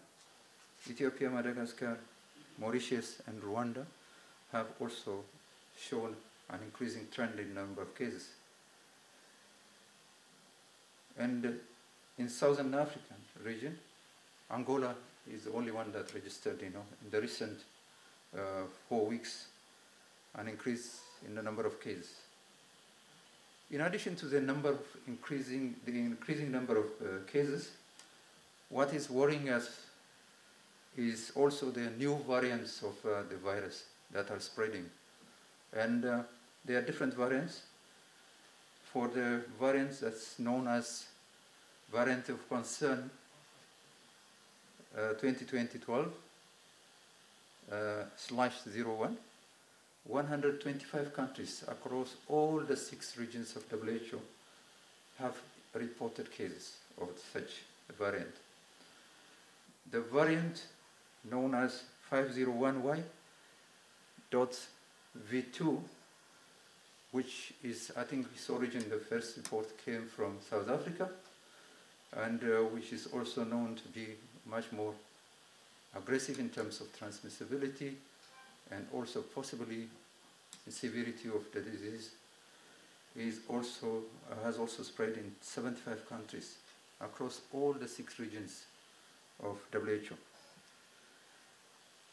Ethiopia, Madagascar, Mauritius, and Rwanda have also shown an increasing trend in number of cases. And in Southern African region, Angola is the only one that registered, you know, in the recent uh, four weeks an increase in the number of cases. In addition to the number of increasing the increasing number of uh, cases, what is worrying us is also the new variants of uh, the virus that are spreading, and uh, there are different variants. For the variants that's known as variant of concern 2020-12 uh, uh, slash 01, 125 countries across all the six regions of WHO have reported cases of such variant. The variant known as 501Y.V2, which is, I think its origin, the first report came from South Africa, and uh, which is also known to be much more aggressive in terms of transmissibility, and also possibly the severity of the disease is also uh, has also spread in 75 countries across all the six regions of WHO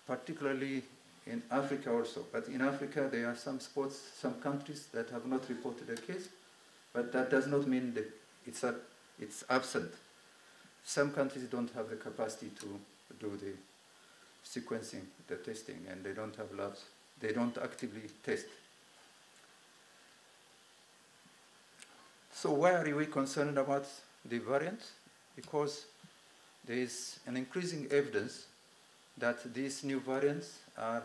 particularly in Africa also but in Africa there are some spots some countries that have not reported a case but that does not mean that it's a, it's absent some countries don't have the capacity to do the sequencing the testing and they don't have labs. They don't actively test. So why are we concerned about the variants? Because there is an increasing evidence that these new variants are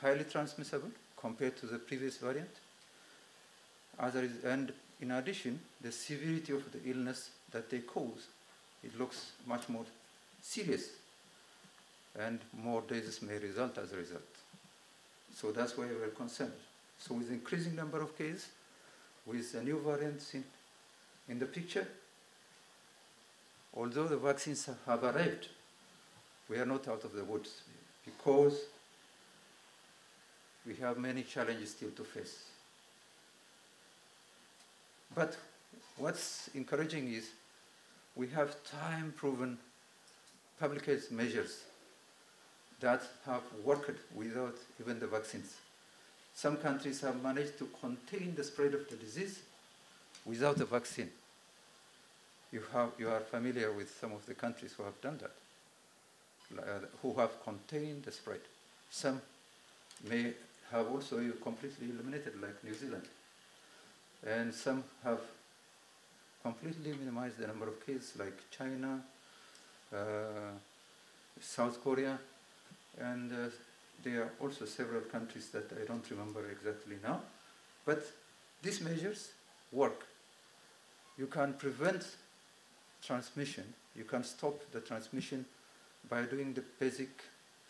highly transmissible compared to the previous variant. As a, and in addition, the severity of the illness that they cause, it looks much more serious and more deaths may result as a result. So that's why we're concerned. So with increasing number of cases, with the new variants in, in the picture, although the vaccines have arrived, we are not out of the woods because we have many challenges still to face. But what's encouraging is we have time-proven public health measures that have worked without even the vaccines. Some countries have managed to contain the spread of the disease without the vaccine. You, have, you are familiar with some of the countries who have done that, uh, who have contained the spread. Some may have also completely eliminated, like New Zealand. And some have completely minimized the number of cases, like China, uh, South Korea, and uh, there are also several countries that I don't remember exactly now. But these measures work. You can prevent transmission, you can stop the transmission by doing the basic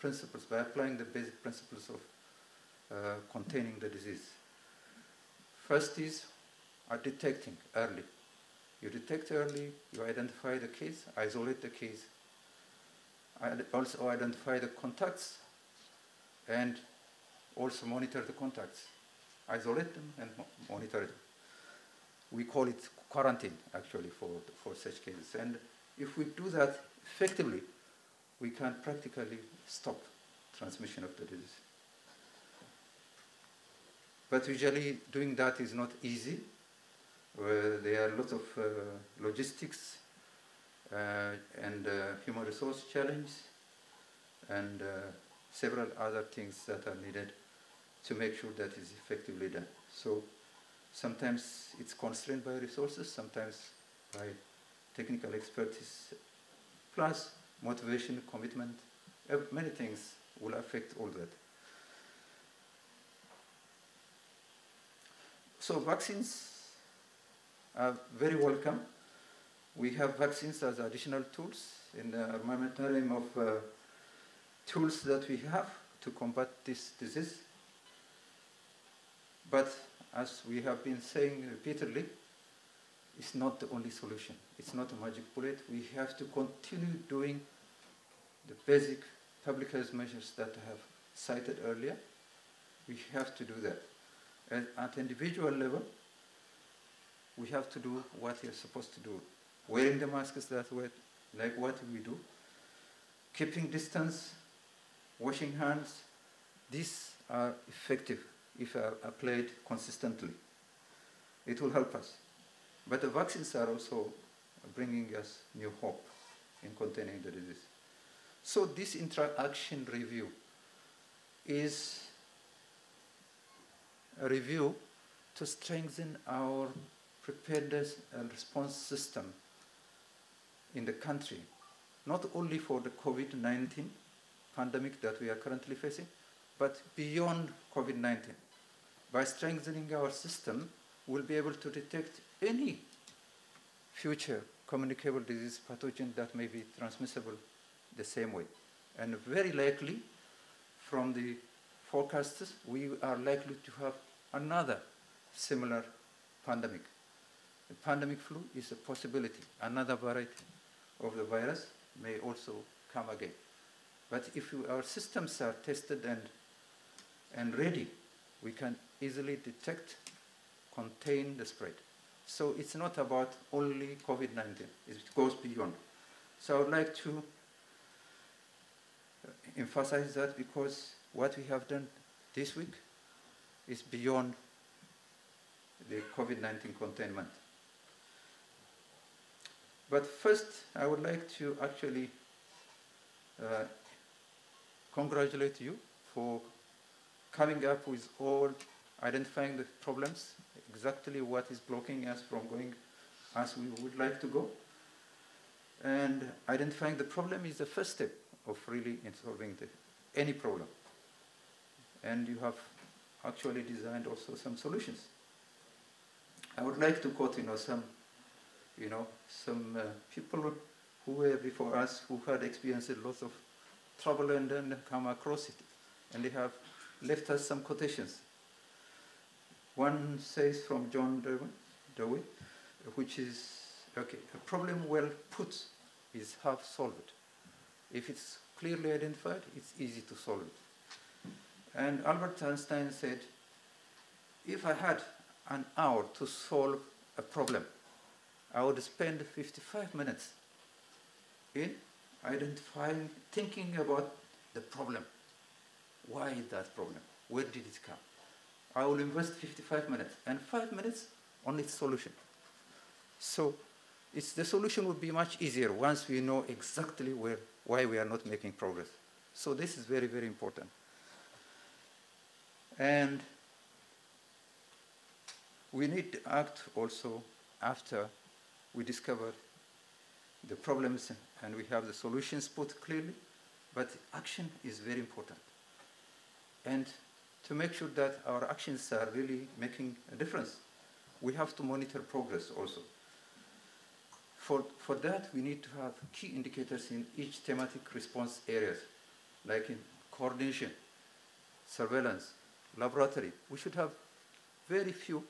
principles, by applying the basic principles of uh, containing the disease. First is are uh, detecting early. You detect early, you identify the case, isolate the case, also identify the contacts and also monitor the contacts, isolate them and monitor them. We call it quarantine actually for, for such cases. And if we do that effectively, we can practically stop transmission of the disease. But usually doing that is not easy. Uh, there are lots of uh, logistics uh, and uh, human resource challenge and uh, several other things that are needed to make sure that is effectively done. So sometimes it's constrained by resources, sometimes by technical expertise, plus motivation, commitment, many things will affect all that. So vaccines are very welcome. We have vaccines as additional tools in the armamentarium of uh, tools that we have to combat this disease. But as we have been saying repeatedly, it's not the only solution. It's not a magic bullet. We have to continue doing the basic public health measures that I have cited earlier. We have to do that. At, at individual level, we have to do what we are supposed to do wearing the masks that way, like what we do, keeping distance, washing hands, these are effective if uh, applied consistently. It will help us. But the vaccines are also bringing us new hope in containing the disease. So this interaction review is a review to strengthen our preparedness and response system in the country, not only for the COVID-19 pandemic that we are currently facing, but beyond COVID-19. By strengthening our system, we'll be able to detect any future communicable disease pathogen that may be transmissible the same way. And very likely, from the forecasts, we are likely to have another similar pandemic. The pandemic flu is a possibility, another variety of the virus may also come again. But if our systems are tested and, and ready, we can easily detect, contain the spread. So it's not about only COVID-19, it goes beyond. So I would like to uh, emphasize that because what we have done this week is beyond the COVID-19 containment. But first, I would like to actually uh, congratulate you for coming up with all identifying the problems, exactly what is blocking us from going as we would like to go. And identifying the problem is the first step of really solving the, any problem. And you have actually designed also some solutions. I would like to quote you know, some you know, some uh, people who were before us who had experienced lots of trouble and then come across it. And they have left us some quotations. One says from John Dewey, which is, okay, a problem well put is half solved. If it's clearly identified, it's easy to solve it. And Albert Einstein said, if I had an hour to solve a problem, I would spend 55 minutes in identifying, thinking about the problem. Why is that problem? Where did it come? I will invest 55 minutes and 5 minutes on its solution. So it's, the solution would be much easier once we know exactly where, why we are not making progress. So this is very, very important. And we need to act also after we discover the problems and we have the solutions put clearly, but action is very important. And to make sure that our actions are really making a difference, we have to monitor progress also. For, for that, we need to have key indicators in each thematic response areas, like in coordination, surveillance, laboratory. We should have very few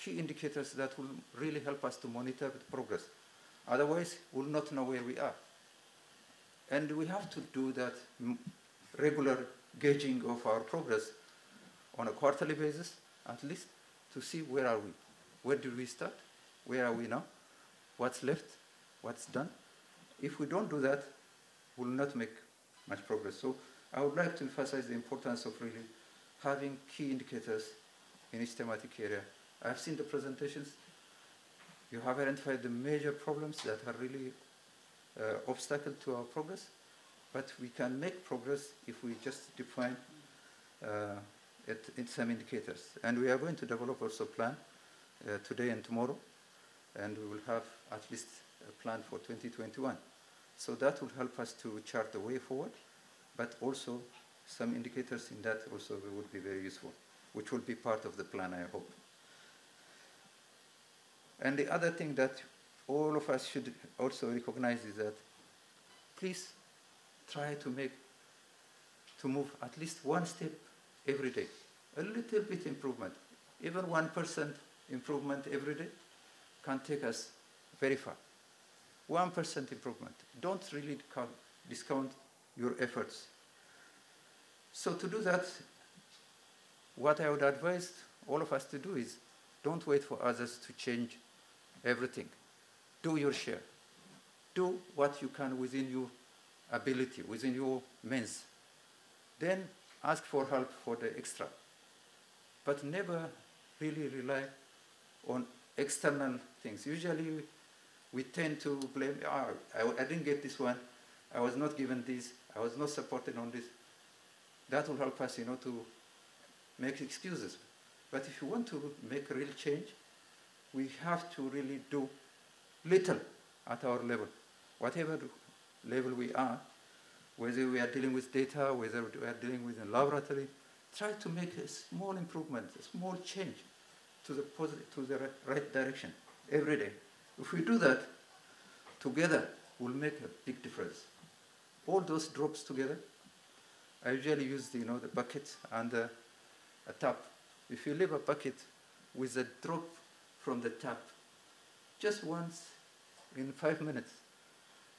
key indicators that will really help us to monitor the progress. Otherwise, we'll not know where we are. And we have to do that regular gauging of our progress on a quarterly basis, at least, to see where are we. Where did we start? Where are we now? What's left? What's done? If we don't do that, we'll not make much progress. So I would like to emphasize the importance of really having key indicators in each thematic area I've seen the presentations. You have identified the major problems that are really uh, obstacle to our progress, but we can make progress if we just define uh, it in some indicators. And we are going to develop also a plan uh, today and tomorrow, and we will have at least a plan for 2021. So that will help us to chart the way forward, but also some indicators in that also would be very useful, which will be part of the plan, I hope. And the other thing that all of us should also recognize is that please try to make, to move at least one step every day. A little bit improvement, even 1% improvement every day can take us very far. 1% improvement. Don't really discount your efforts. So to do that, what I would advise all of us to do is don't wait for others to change everything. Do your share. Do what you can within your ability, within your means. Then ask for help for the extra. But never really rely on external things. Usually we tend to blame, oh, I, I didn't get this one, I was not given this, I was not supported on this. That will help us, you know, to make excuses. But if you want to make real change, we have to really do little at our level. Whatever level we are, whether we are dealing with data, whether we are dealing with a laboratory, try to make a small improvement, a small change to the, positive, to the right, direction every day. If we do that, together we will make a big difference. All those drops together, I usually use the, you know, the bucket and the, uh, a tap. If you leave a bucket with a drop from the tap. Just once in five minutes.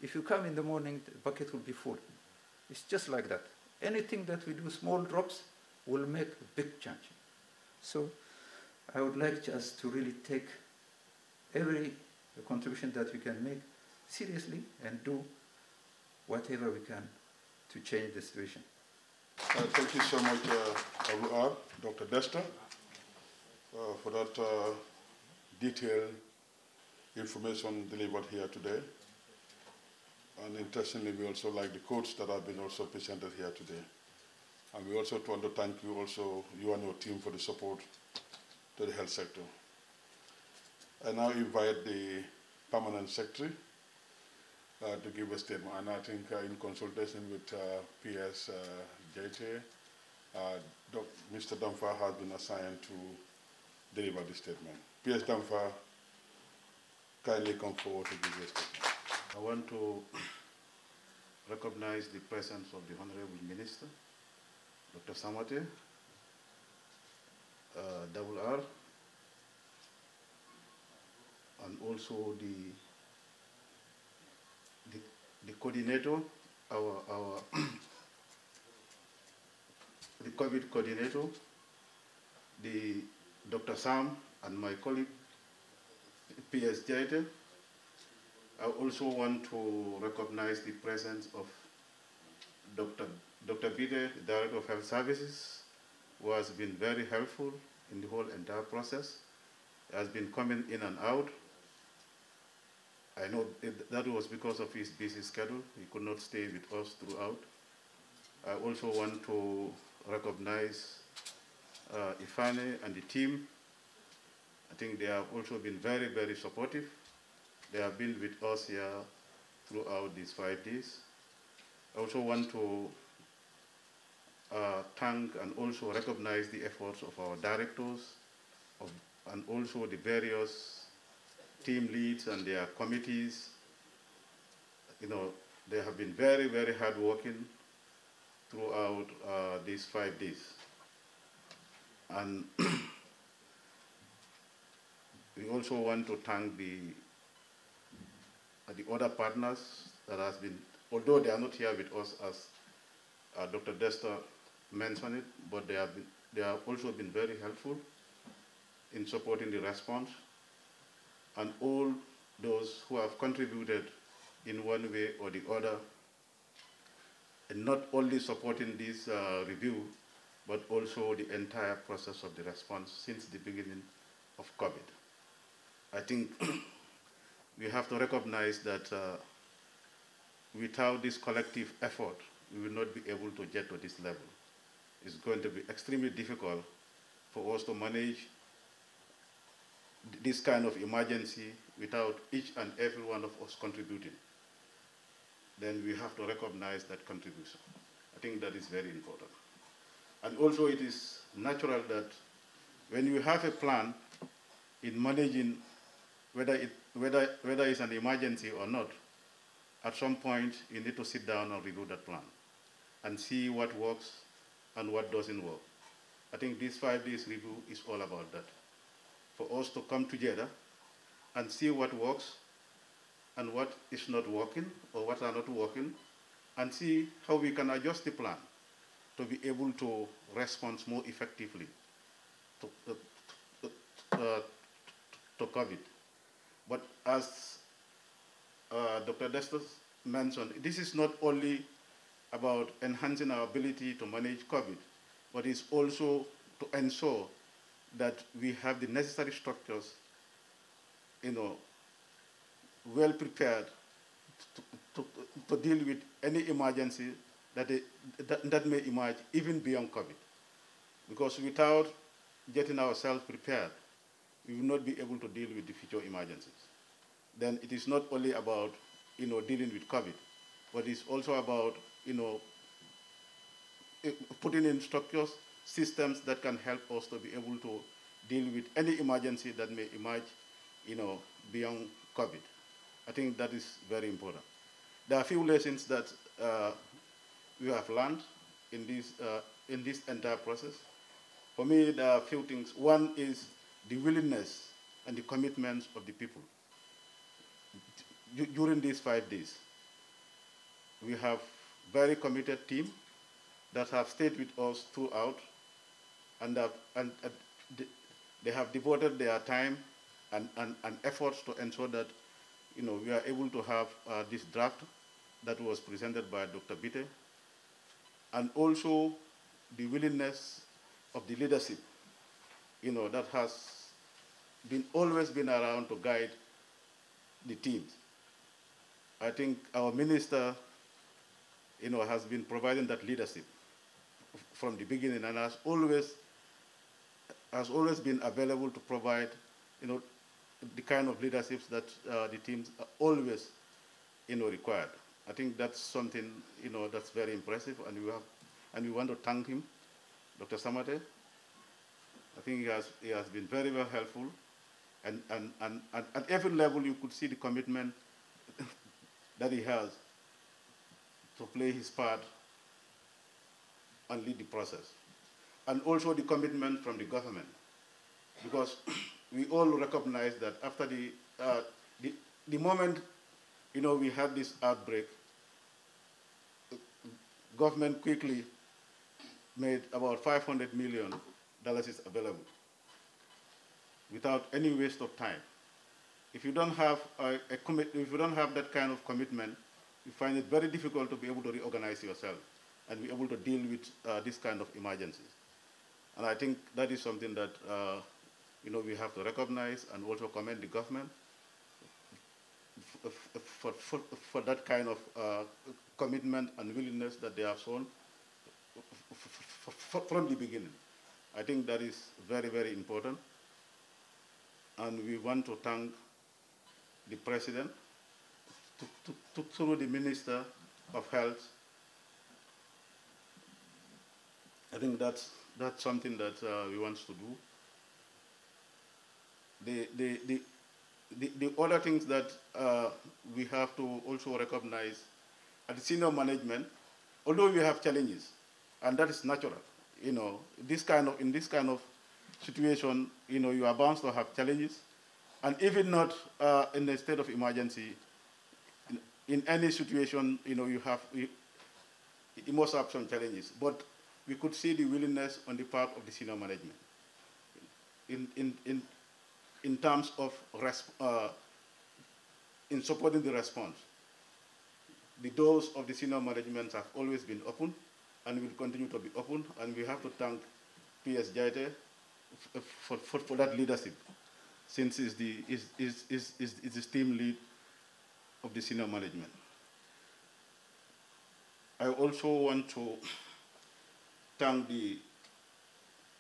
If you come in the morning, the bucket will be full. It's just like that. Anything that we do, small drops, will make a big change. So I would like us to really take every contribution that we can make seriously and do whatever we can to change the situation. Uh, thank you so much, uh, Dr. Desta, uh, for that uh, detailed information delivered here today. And interestingly, we also like the quotes that have been also presented here today. And we also want to thank you also, you and your team for the support to the health sector. I now invite the permanent secretary uh, to give a statement. And I think uh, in consultation with uh, PS uh, JJ, Mr. Damfa has been assigned to deliver the statement. PS Tamfa kindly come forward to give a I want to recognize the presence of the Honorable Minister, Dr. Samate, uh, Double R, and also the, the, the coordinator, our, our the COVID coordinator, the Dr. Sam, and my colleague P.S. Jaite, I also want to recognize the presence of Dr. Dr. Bide, Director of Health Services, who has been very helpful in the whole entire process, has been coming in and out. I know that was because of his busy schedule. He could not stay with us throughout. I also want to recognize uh, Ifane and the team I think they have also been very, very supportive. They have been with us here throughout these five days. I also want to uh, thank and also recognize the efforts of our directors of, and also the various team leads and their committees. You know, they have been very, very hardworking throughout uh, these five days. And We also want to thank the, the other partners that has been, although they are not here with us as uh, Dr. Desta mentioned it, but they have, been, they have also been very helpful in supporting the response and all those who have contributed in one way or the other and not only supporting this uh, review but also the entire process of the response since the beginning of COVID. I think we have to recognize that uh, without this collective effort, we will not be able to get to this level. It's going to be extremely difficult for us to manage this kind of emergency without each and every one of us contributing. Then we have to recognize that contribution. I think that is very important. And also it is natural that when you have a plan in managing whether, it, whether, whether it's an emergency or not, at some point you need to sit down and review that plan and see what works and what doesn't work. I think this five days review is all about that. For us to come together and see what works and what is not working or what are not working and see how we can adjust the plan to be able to respond more effectively to, uh, to, uh, to uh, COVID. But as uh, Dr. Destos mentioned, this is not only about enhancing our ability to manage COVID, but it's also to ensure that we have the necessary structures, you know, well prepared to, to, to deal with any emergency that, it, that, that may emerge even beyond COVID. Because without getting ourselves prepared, we will not be able to deal with the future emergencies. Then it is not only about, you know, dealing with COVID, but it's also about, you know, eh, putting in structures, systems that can help us to be able to deal with any emergency that may emerge, you know, beyond COVID. I think that is very important. There are a few lessons that uh, we have learned in this, uh, in this entire process. For me, there are a few things. One is the willingness and the commitment of the people. D during these five days, we have very committed team that have stayed with us throughout and, have, and uh, they have devoted their time and, and, and efforts to ensure that you know, we are able to have uh, this draft that was presented by Dr. Bitte, and also the willingness of the leadership you know, that has been always been around to guide the teams. I think our minister, you know, has been providing that leadership from the beginning and has always has always been available to provide, you know, the kind of leaderships that uh, the teams are always, you know, required. I think that's something, you know, that's very impressive, and we have, and we want to thank him, Dr. Samate, I think he has, he has been very, very helpful. And, and, and, and at every level, you could see the commitment that he has to play his part and lead the process. And also the commitment from the government. Because we all recognize that after the, uh, the, the moment you know, we had this outbreak, government quickly made about 500 million is available without any waste of time. If you don't have a, a commit, if you don't have that kind of commitment, you find it very difficult to be able to reorganize yourself and be able to deal with uh, this kind of emergencies. And I think that is something that uh, you know we have to recognize and also commend the government for, for, for that kind of uh, commitment and willingness that they have shown from the beginning. I think that is very, very important. And we want to thank the president, to, to, to through the minister of health. I think that's, that's something that uh, we want to do. The, the, the, the, the other things that uh, we have to also recognize at senior management, although we have challenges, and that is natural you know, this kind of, in this kind of situation, you know, you are bound to have challenges. And even not uh, in the state of emergency, in, in, any situation, you know, you have, you, you must have some challenges. But we could see the willingness on the part of the senior management in, in, in, in terms of uh, in supporting the response. The doors of the senior management have always been open and will continue to be open. And we have to thank PS Jaite for, for, for that leadership, since is the is, is, is, is, the team lead of the senior management. I also want to thank the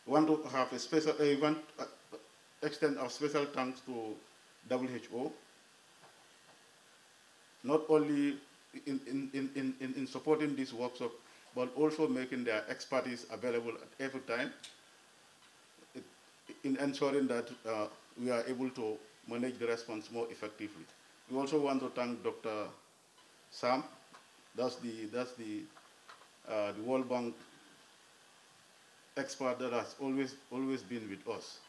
want to have a special I want uh, extend our special thanks to WHO. Not only in, in, in, in, in supporting this workshop, but also making their expertise available at every time in ensuring that uh, we are able to manage the response more effectively. We also want to thank Dr. Sam, that's the, that's the, uh, the World Bank expert that has always, always been with us.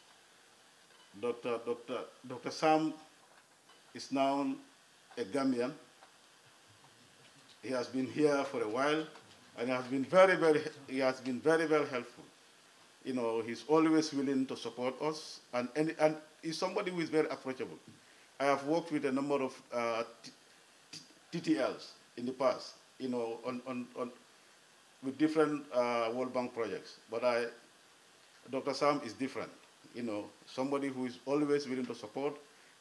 Dr. Dr. Dr. Sam is now a Gambian. He has been here for a while and he has been very, very, he has been very, very helpful. You know, he's always willing to support us, and, and, and he's somebody who is very approachable. I have worked with a number of uh, TTLs in the past, you know, on, on, on with different uh, World Bank projects, but I, Dr. Sam is different. You know, somebody who is always willing to support,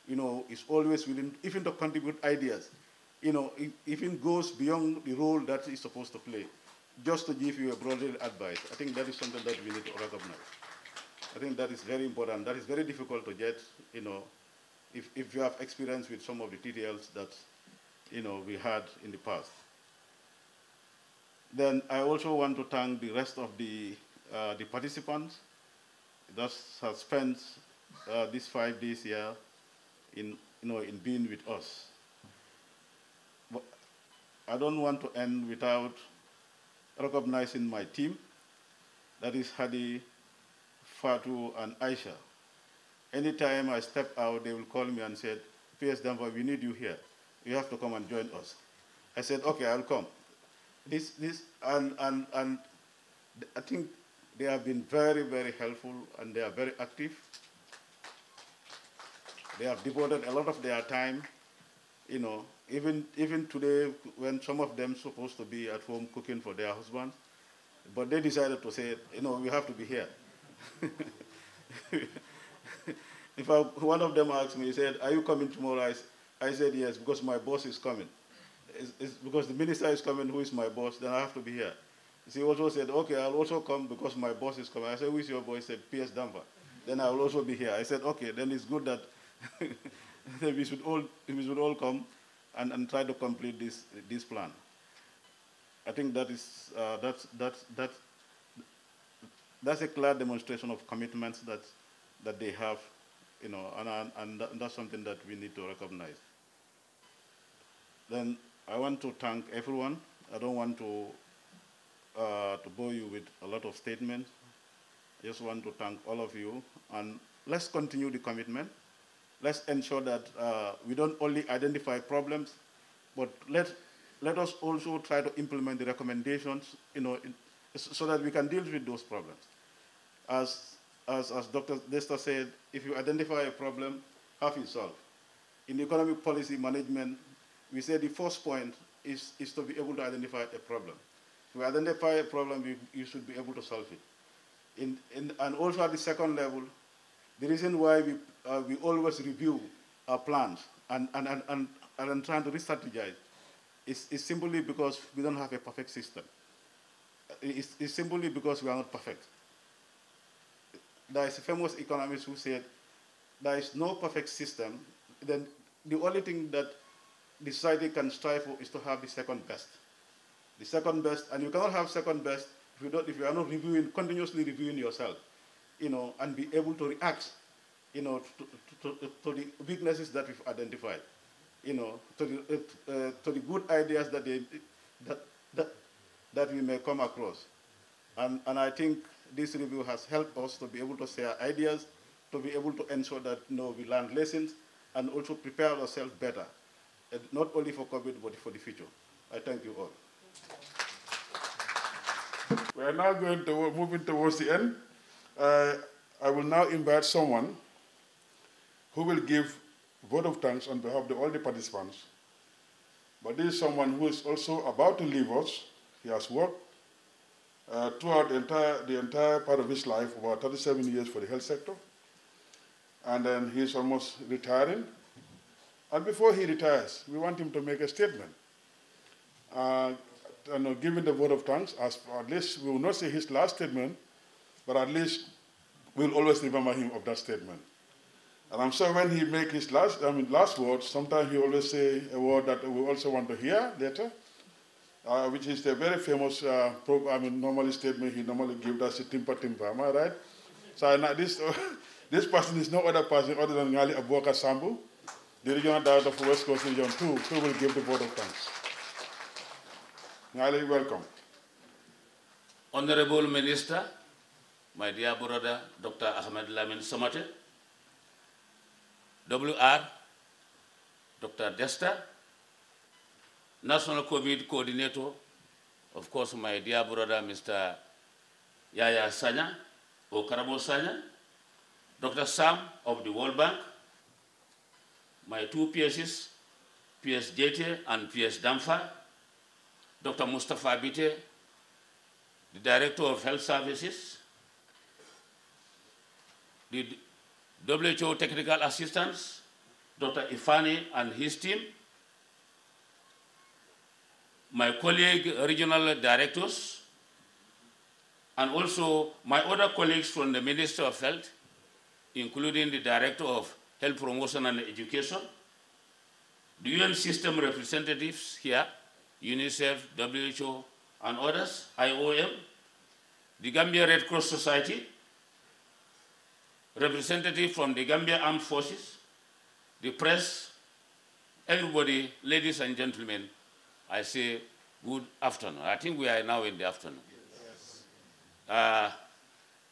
you know, is always willing even to contribute ideas you know, even goes beyond the role that he's supposed to play just to give you a broader advice, I think that is something that we need to recognize. I think that is very important. That is very difficult to get, you know, if, if you have experience with some of the TTLs that, you know, we had in the past. Then I also want to thank the rest of the, uh, the participants that have spent uh, these five days here in, you know, in being with us. But I don't want to end without recognizing my team, that is Hadi, Fatu, and Aisha. Anytime I step out, they will call me and said, PS Danva, we need you here. You have to come and join us. I said, okay, I'll come. This, this, and, and, and I think they have been very, very helpful and they are very active. They have devoted a lot of their time, you know, even even today, when some of them supposed to be at home cooking for their husbands, but they decided to say, you know, we have to be here. if I, one of them asked me, he said, are you coming tomorrow? I, I said, yes, because my boss is coming. It's, it's because the minister is coming, who is my boss, then I have to be here. he also said, okay, I'll also come because my boss is coming. I said, who is your boss? He said, P.S. Danver. Then I will also be here. I said, okay, then it's good that we, should all, we should all come and, and try to complete this, this plan. I think that is, uh, that's, that's, that's, that's a clear demonstration of commitments that, that they have, you know, and, and, and that's something that we need to recognize. Then I want to thank everyone. I don't want to, uh, to bore you with a lot of statements. I just want to thank all of you, and let's continue the commitment let's ensure that uh, we don't only identify problems, but let, let us also try to implement the recommendations you know, in, so that we can deal with those problems. As, as, as Dr. Desta said, if you identify a problem, have it solved. In economic policy management, we say the first point is, is to be able to identify a problem. If you identify a problem, you, you should be able to solve it. In, in, and also at the second level, the reason why we, uh, we always review our plans and, and, and, and, and trying to re-strategize. It's, it's simply because we don't have a perfect system. It's, it's simply because we are not perfect. There is a famous economist who said, there is no perfect system, then the only thing that the society can strive for is to have the second best. The second best, and you cannot have second best if you, don't, if you are not reviewing, continuously reviewing yourself, you know, and be able to react you know, to, to, to, the weaknesses that we've identified, you know, to the, uh, uh, to the good ideas that, they, that, that, that we may come across. And, and I think this review has helped us to be able to share ideas, to be able to ensure that you know, we learn lessons and also prepare ourselves better, uh, not only for COVID, but for the future. I thank you all. We are now going to moving towards the end. Uh, I will now invite someone who will give a vote of thanks on behalf of all the participants. But this is someone who is also about to leave us. He has worked uh, throughout the entire, the entire part of his life, about 37 years for the health sector. And then he's almost retiring. And before he retires, we want him to make a statement. Uh, and, uh, giving the vote of thanks, as, at least we will not say his last statement, but at least we'll always remember him of that statement. And I'm sure when he make his last, I mean, last words, sometimes he always say a word that we also want to hear later, uh, which is the very famous, uh, pro, I mean, normally statement he normally gives us, timpa timpa, am I right? So now uh, this, this person is no other person other than Ngali Abuaka Sambu, the regional director of West Coast Region 2, who will give the vote of thanks. Ngali, welcome. Honorable Minister, my dear brother, Dr. Ahmed Lamin Samate, WR, Dr. Desta, National COVID Coordinator, of course, my dear brother, Mr. Yaya Sanya, or Sanya, Dr. Sam of the World Bank, my two PSs, PS Jete and PS Damfa, Dr. Mustafa Abite, the Director of Health Services, the WHO technical assistance, Dr. Ifani and his team, my colleague regional directors, and also my other colleagues from the Ministry of Health, including the Director of Health Promotion and Education, the UN system representatives here, UNICEF, WHO, and others, IOM, the Gambia Red Cross Society, representatives from the Gambia Armed Forces, the press, everybody, ladies and gentlemen, I say good afternoon. I think we are now in the afternoon. Uh,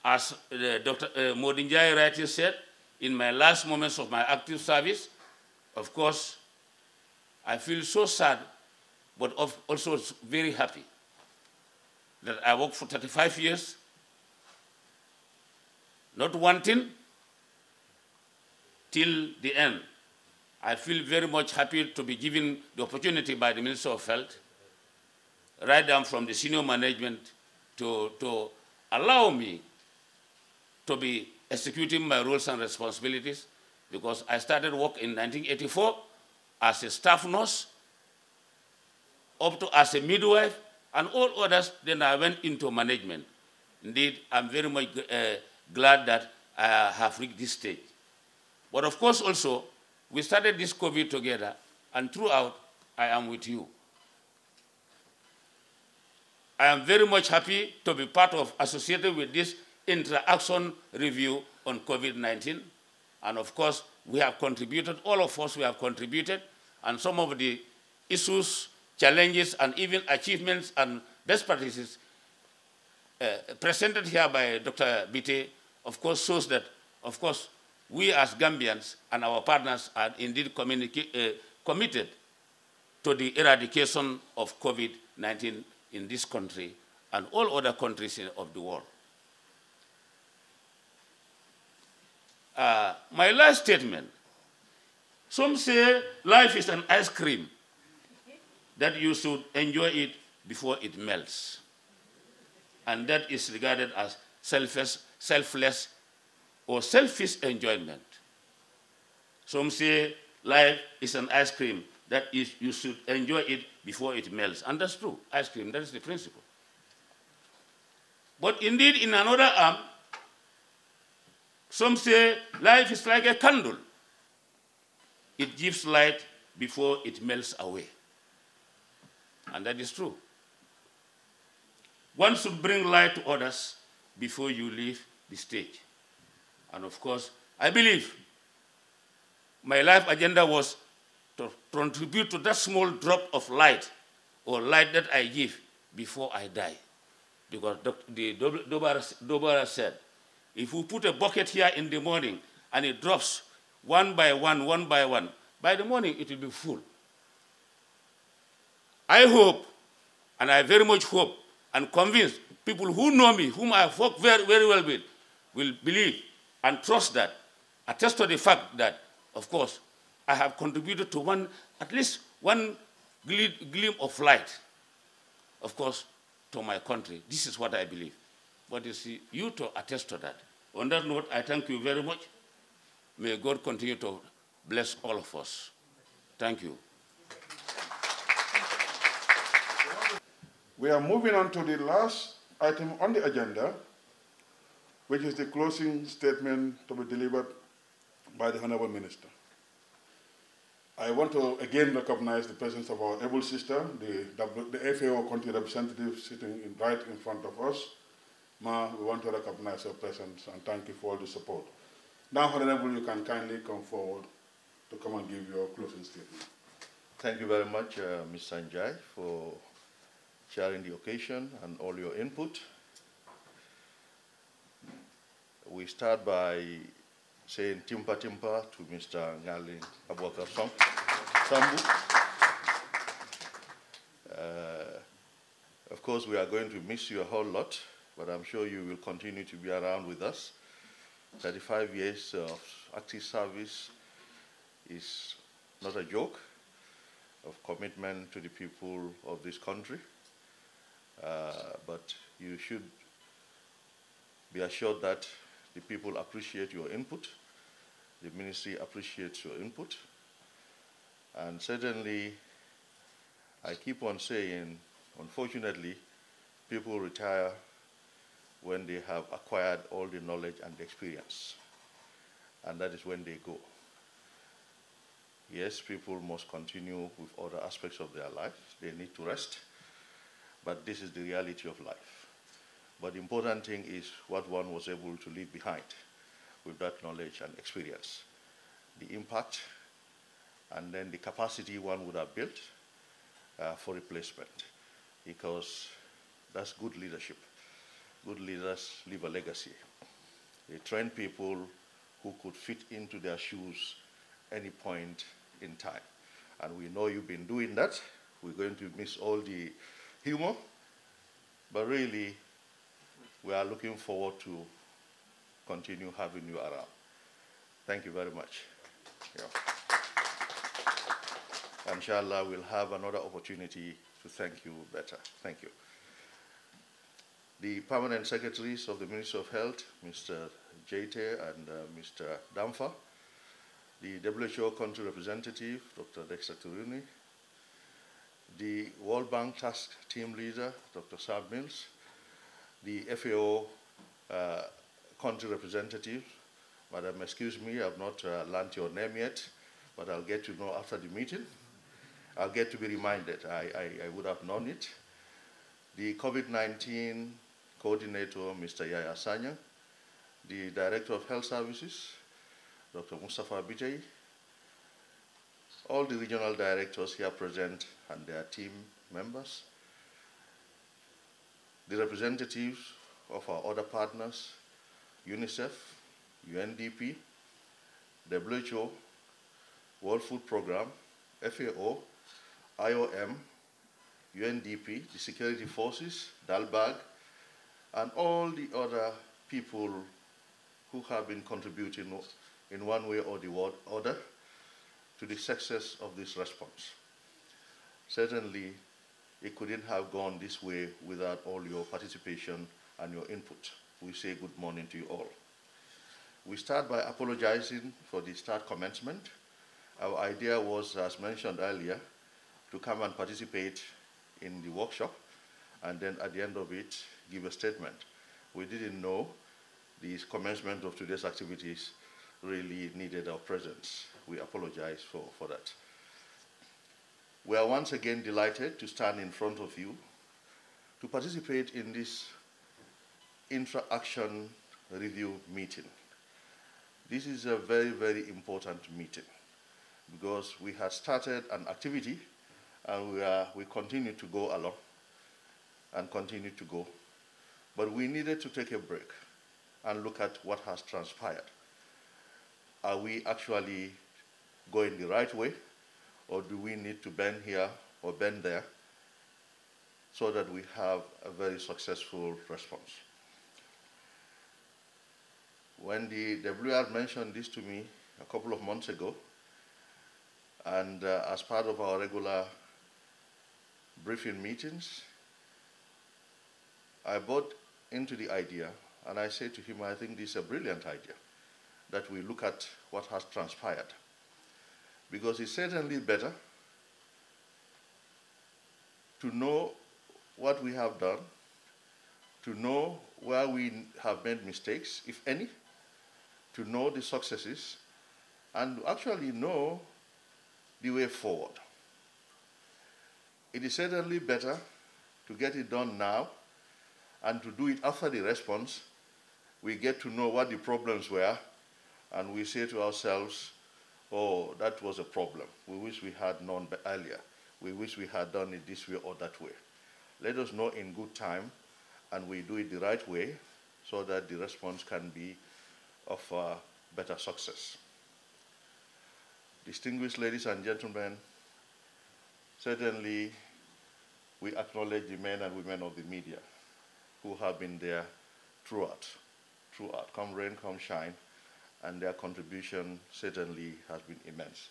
as uh, Dr. Uh, Modinjai rightly said, in my last moments of my active service, of course, I feel so sad, but also very happy that I worked for 35 years not wanting till the end. I feel very much happy to be given the opportunity by the Minister of Health, right down from the senior management, to, to allow me to be executing my roles and responsibilities because I started work in 1984 as a staff nurse, up to as a midwife, and all others. Then I went into management. Indeed, I'm very much uh, glad that I have reached this stage. But of course also, we started this COVID together, and throughout, I am with you. I am very much happy to be part of, associated with this interaction review on COVID-19. And of course, we have contributed, all of us, we have contributed, and some of the issues, challenges, and even achievements and best practices uh, presented here by Dr. Bitte of course, shows that, of course, we as Gambians and our partners are indeed uh, committed to the eradication of COVID-19 in this country and all other countries in, of the world. Uh, my last statement, some say life is an ice cream that you should enjoy it before it melts. And that is regarded as selfish selfless or selfish enjoyment. Some say life is an ice cream, that is, you should enjoy it before it melts. And that's true, ice cream, that is the principle. But indeed, in another arm, some say life is like a candle. It gives light before it melts away. And that is true. One should bring light to others before you leave the stage. And of course, I believe my life agenda was to contribute to that small drop of light or light that I give before I die. Because the Dobara said, if we put a bucket here in the morning and it drops one by one, one by one, by the morning it will be full. I hope, and I very much hope and convince people who know me, whom I work very, very well with, will believe and trust that, attest to the fact that, of course, I have contributed to one, at least one gleam of light, of course, to my country. This is what I believe. But you see, you to attest to that. On that note, I thank you very much. May God continue to bless all of us. Thank you. We are moving on to the last item on the agenda, which is the closing statement to be delivered by the Honorable Minister. I want to again recognize the presence of our able sister, the, the FAO country representative sitting in, right in front of us. Ma, we want to recognize your presence and thank you for all the support. Now, Honorable, you can kindly come forward to come and give your closing statement. Thank you very much, uh, Ms. Sanjay, for sharing the occasion and all your input we start by saying timpa timpa to Mr. Ngali Abubakar Sambu. Uh, of course, we are going to miss you a whole lot, but I'm sure you will continue to be around with us. 35 years of active service is not a joke, of commitment to the people of this country. Uh, but you should be assured that the people appreciate your input. The ministry appreciates your input. And certainly, I keep on saying, unfortunately, people retire when they have acquired all the knowledge and experience. And that is when they go. Yes, people must continue with other aspects of their life. They need to rest. But this is the reality of life. But the important thing is what one was able to leave behind with that knowledge and experience. The impact and then the capacity one would have built uh, for replacement because that's good leadership. Good leaders leave a legacy. They train people who could fit into their shoes any point in time. And we know you've been doing that. We're going to miss all the humor, but really we are looking forward to continue having you around. Thank you very much. Yeah. Inshallah, we'll have another opportunity to thank you better. Thank you. The permanent secretaries of the Ministry of Health, Mr. Jete and uh, Mr. Damfa, the WHO country representative, Dr. Dexter Turini, the World Bank Task Team leader, Dr. Sab Mills, the FAO uh, country representative. Madam, excuse me, I've not uh, learned your name yet, but I'll get to know after the meeting. I'll get to be reminded. I, I, I would have known it. The COVID-19 coordinator, Mr. Yaya Sanya, the Director of Health Services, Dr. Mustafa Bijay, all the regional directors here present and their team members, the representatives of our other partners, UNICEF, UNDP, WHO, World Food Programme, FAO, IOM, UNDP, the security forces, DALBAG, and all the other people who have been contributing in one way or the other to the success of this response. Certainly, it couldn't have gone this way without all your participation and your input. We say good morning to you all. We start by apologizing for the start commencement. Our idea was, as mentioned earlier, to come and participate in the workshop and then at the end of it, give a statement. We didn't know the commencement of today's activities really needed our presence. We apologize for, for that. We are once again delighted to stand in front of you to participate in this interaction review meeting. This is a very, very important meeting because we had started an activity and we, are, we continue to go along and continue to go. But we needed to take a break and look at what has transpired. Are we actually going the right way? or do we need to bend here or bend there so that we have a very successful response. When the WR mentioned this to me a couple of months ago, and uh, as part of our regular briefing meetings, I bought into the idea and I said to him, I think this is a brilliant idea that we look at what has transpired because it's certainly better to know what we have done, to know where we have made mistakes, if any, to know the successes, and to actually know the way forward. It is certainly better to get it done now and to do it after the response. We get to know what the problems were, and we say to ourselves, Oh, that was a problem. We wish we had known earlier. We wish we had done it this way or that way. Let us know in good time and we do it the right way so that the response can be of uh, better success. Distinguished ladies and gentlemen, certainly we acknowledge the men and women of the media who have been there throughout, throughout, come rain, come shine, and their contribution certainly has been immense.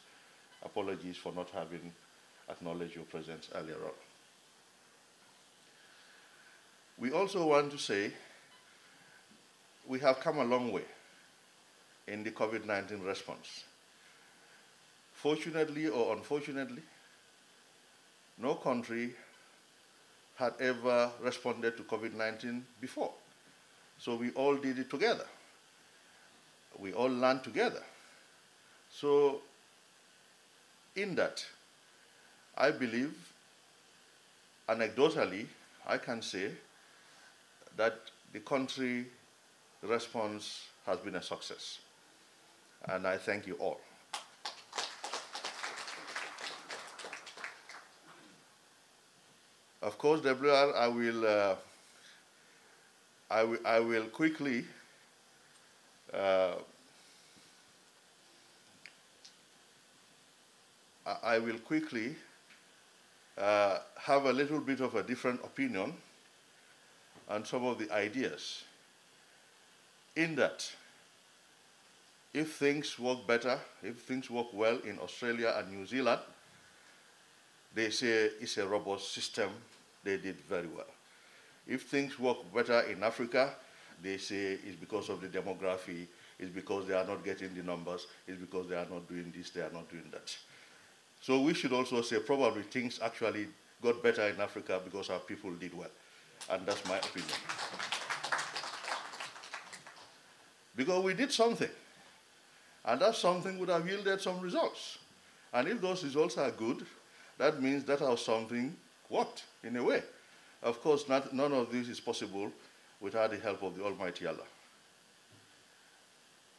Apologies for not having acknowledged your presence earlier on. We also want to say we have come a long way in the COVID-19 response. Fortunately or unfortunately, no country had ever responded to COVID-19 before. So we all did it together we all learn together. So, in that, I believe, anecdotally, I can say that the country response has been a success. And I thank you all. Of course, WR, I will, uh, I, I will quickly uh, I will quickly uh, have a little bit of a different opinion on some of the ideas. In that, if things work better, if things work well in Australia and New Zealand, they say it's a robust system, they did very well. If things work better in Africa, they say it's because of the demography, it's because they are not getting the numbers, it's because they are not doing this, they are not doing that. So we should also say probably things actually got better in Africa because our people did well. And that's my opinion. Because we did something. And that something would have yielded some results. And if those results are good, that means that our something worked in a way. Of course, not, none of this is possible without the help of the Almighty Allah.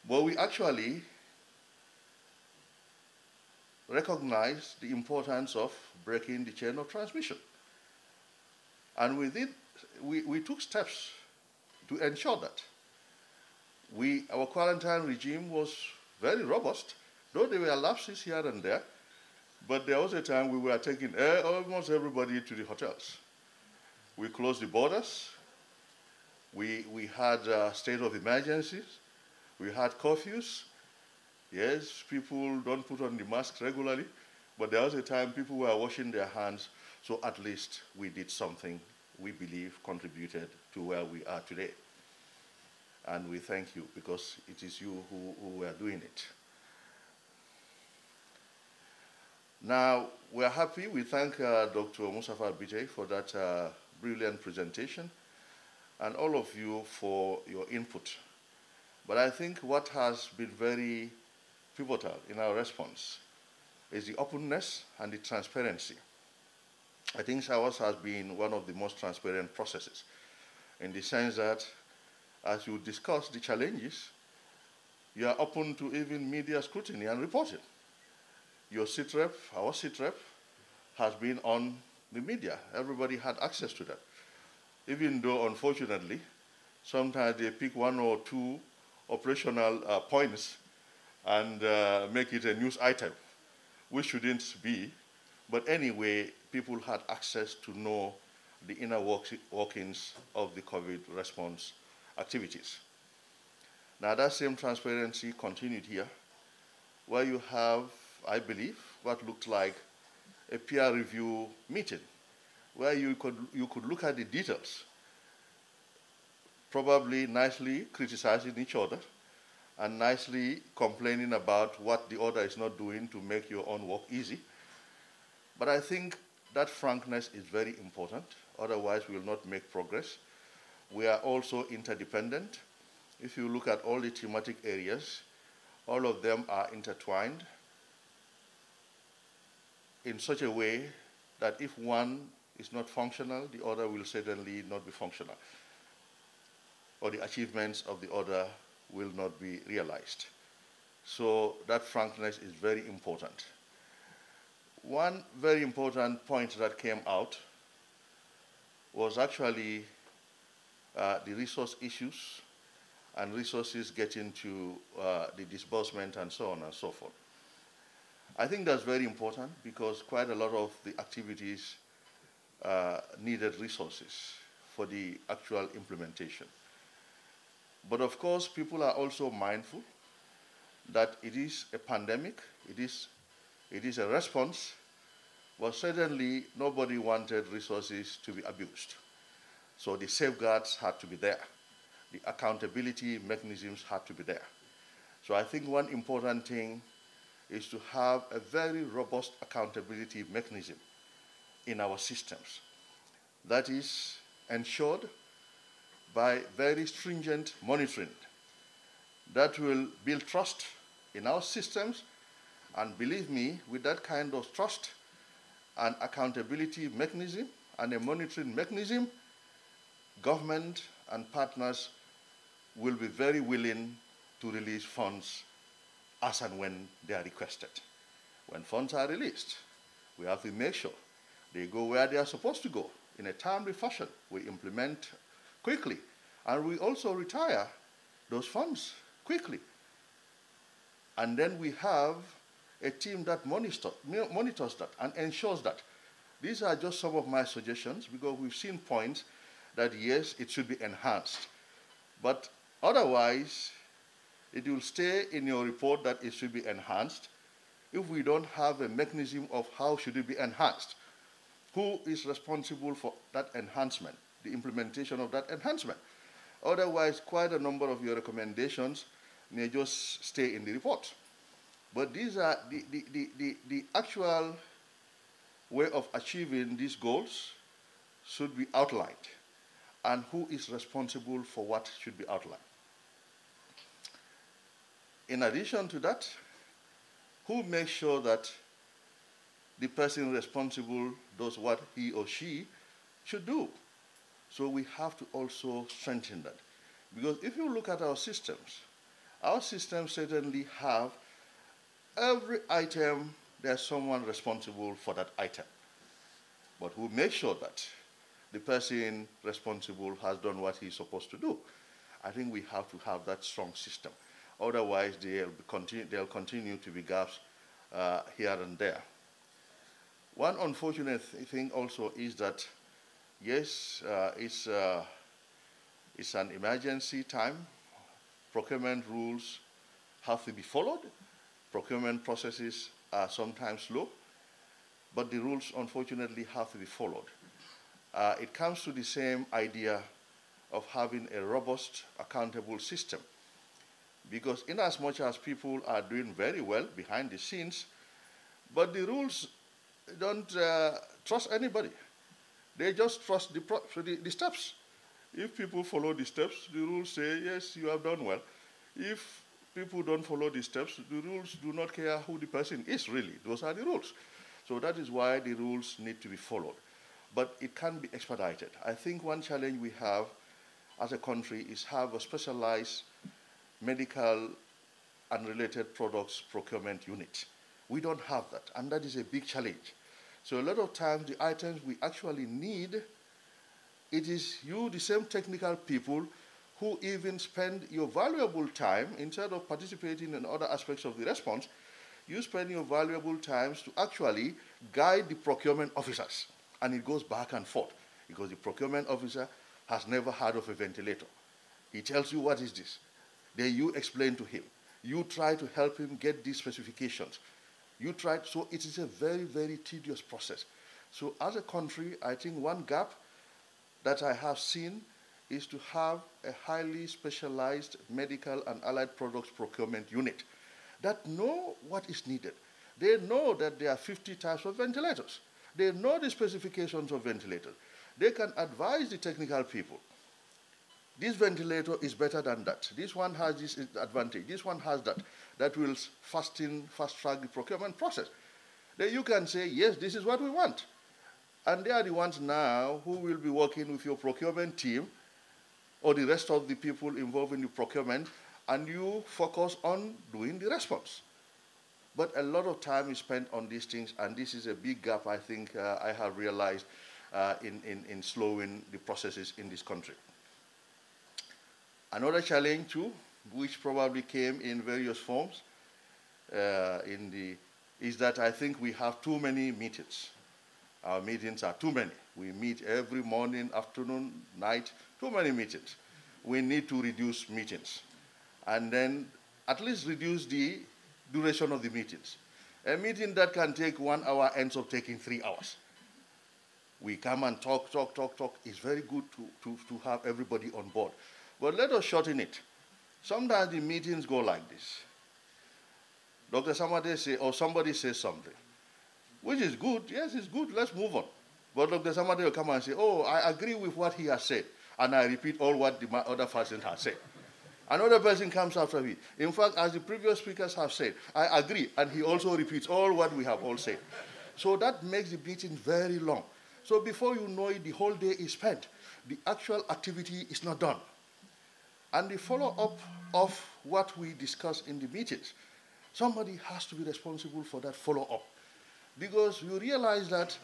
But we actually recognize the importance of breaking the chain of transmission. And we, did, we, we took steps to ensure that. We, our quarantine regime was very robust, though there were lapses here and there, but there was a time we were taking almost everybody to the hotels. We closed the borders, we, we had a state of emergencies. We had curfews. Yes, people don't put on the mask regularly, but there was a time people were washing their hands. So at least we did something we believe contributed to where we are today. And we thank you because it is you who, who were doing it. Now, we're happy. We thank uh, Dr. Mustafa Bijay for that uh, brilliant presentation and all of you for your input. But I think what has been very pivotal in our response is the openness and the transparency. I think SAWAS has been one of the most transparent processes in the sense that as you discuss the challenges, you are open to even media scrutiny and reporting. Your CITREP, our CITREP, has been on the media. Everybody had access to that even though unfortunately, sometimes they pick one or two operational uh, points and uh, make it a news item, which shouldn't be. But anyway, people had access to know the inner workings of the COVID response activities. Now that same transparency continued here, where you have, I believe, what looked like a peer review meeting where you could, you could look at the details, probably nicely criticizing each other and nicely complaining about what the other is not doing to make your own work easy. But I think that frankness is very important, otherwise we will not make progress. We are also interdependent. If you look at all the thematic areas, all of them are intertwined in such a way that if one is not functional, the order will certainly not be functional, or the achievements of the order will not be realized. So that frankness is very important. One very important point that came out was actually uh, the resource issues and resources getting to uh, the disbursement and so on and so forth. I think that's very important because quite a lot of the activities uh, needed resources for the actual implementation. But of course, people are also mindful that it is a pandemic, it is, it is a response, but certainly nobody wanted resources to be abused. So the safeguards had to be there. The accountability mechanisms had to be there. So I think one important thing is to have a very robust accountability mechanism in our systems. That is ensured by very stringent monitoring that will build trust in our systems. And believe me, with that kind of trust, and accountability mechanism and a monitoring mechanism, government and partners will be very willing to release funds as and when they are requested. When funds are released, we have to make sure they go where they are supposed to go in a timely fashion. We implement quickly. And we also retire those funds quickly. And then we have a team that monitor, monitors that and ensures that. These are just some of my suggestions because we've seen points that yes, it should be enhanced. But otherwise, it will stay in your report that it should be enhanced if we don't have a mechanism of how should it be enhanced who is responsible for that enhancement, the implementation of that enhancement. Otherwise, quite a number of your recommendations may just stay in the report. But these are the, the, the, the, the actual way of achieving these goals should be outlined and who is responsible for what should be outlined. In addition to that, who makes sure that the person responsible does what he or she should do. So we have to also strengthen that. Because if you look at our systems, our systems certainly have every item, there's someone responsible for that item. But who makes sure that the person responsible has done what he's supposed to do? I think we have to have that strong system. Otherwise, they'll, continue, will continue to be gaps uh, here and there. One unfortunate thing also is that, yes, uh, it's, uh, it's an emergency time. Procurement rules have to be followed. Procurement processes are sometimes slow, but the rules, unfortunately, have to be followed. Uh, it comes to the same idea of having a robust, accountable system. Because in as much as people are doing very well behind the scenes, but the rules don't uh, trust anybody. They just trust the, the, the, steps. If people follow the steps, the rules say, yes, you have done well. If people don't follow the steps, the rules do not care who the person is, really. Those are the rules. So that is why the rules need to be followed. But it can be expedited. I think one challenge we have as a country is have a specialized medical and related products procurement unit. We don't have that, and that is a big challenge. So a lot of times, the items we actually need, it is you, the same technical people, who even spend your valuable time, instead of participating in other aspects of the response, you spend your valuable times to actually guide the procurement officers. And it goes back and forth because the procurement officer has never heard of a ventilator. He tells you what is this. Then you explain to him. You try to help him get these specifications. You tried, so it is a very, very tedious process. So as a country, I think one gap that I have seen is to have a highly specialized medical and allied products procurement unit that know what is needed. They know that there are 50 types of ventilators. They know the specifications of ventilators. They can advise the technical people. This ventilator is better than that. This one has this advantage. This one has that. That will fasten, fast track the procurement process. Then you can say, yes, this is what we want. And they are the ones now who will be working with your procurement team or the rest of the people involved in the procurement, and you focus on doing the response. But a lot of time is spent on these things, and this is a big gap I think uh, I have realized uh, in, in, in slowing the processes in this country. Another challenge too, which probably came in various forms, uh, in the, is that I think we have too many meetings. Our meetings are too many. We meet every morning, afternoon, night, too many meetings. We need to reduce meetings. And then at least reduce the duration of the meetings. A meeting that can take one hour ends up taking three hours. We come and talk, talk, talk, talk. It's very good to, to, to have everybody on board. But let us shorten it. Sometimes the meetings go like this. Dr. Samade say, or somebody says something, which is good. Yes, it's good. Let's move on. But Dr. Samade will come and say, oh, I agree with what he has said. And I repeat all what the other person has said. Another person comes after me. In fact, as the previous speakers have said, I agree. And he also repeats all what we have all said. So that makes the meeting very long. So before you know it, the whole day is spent. The actual activity is not done. And the follow-up of what we discuss in the meetings, somebody has to be responsible for that follow-up. Because you realize that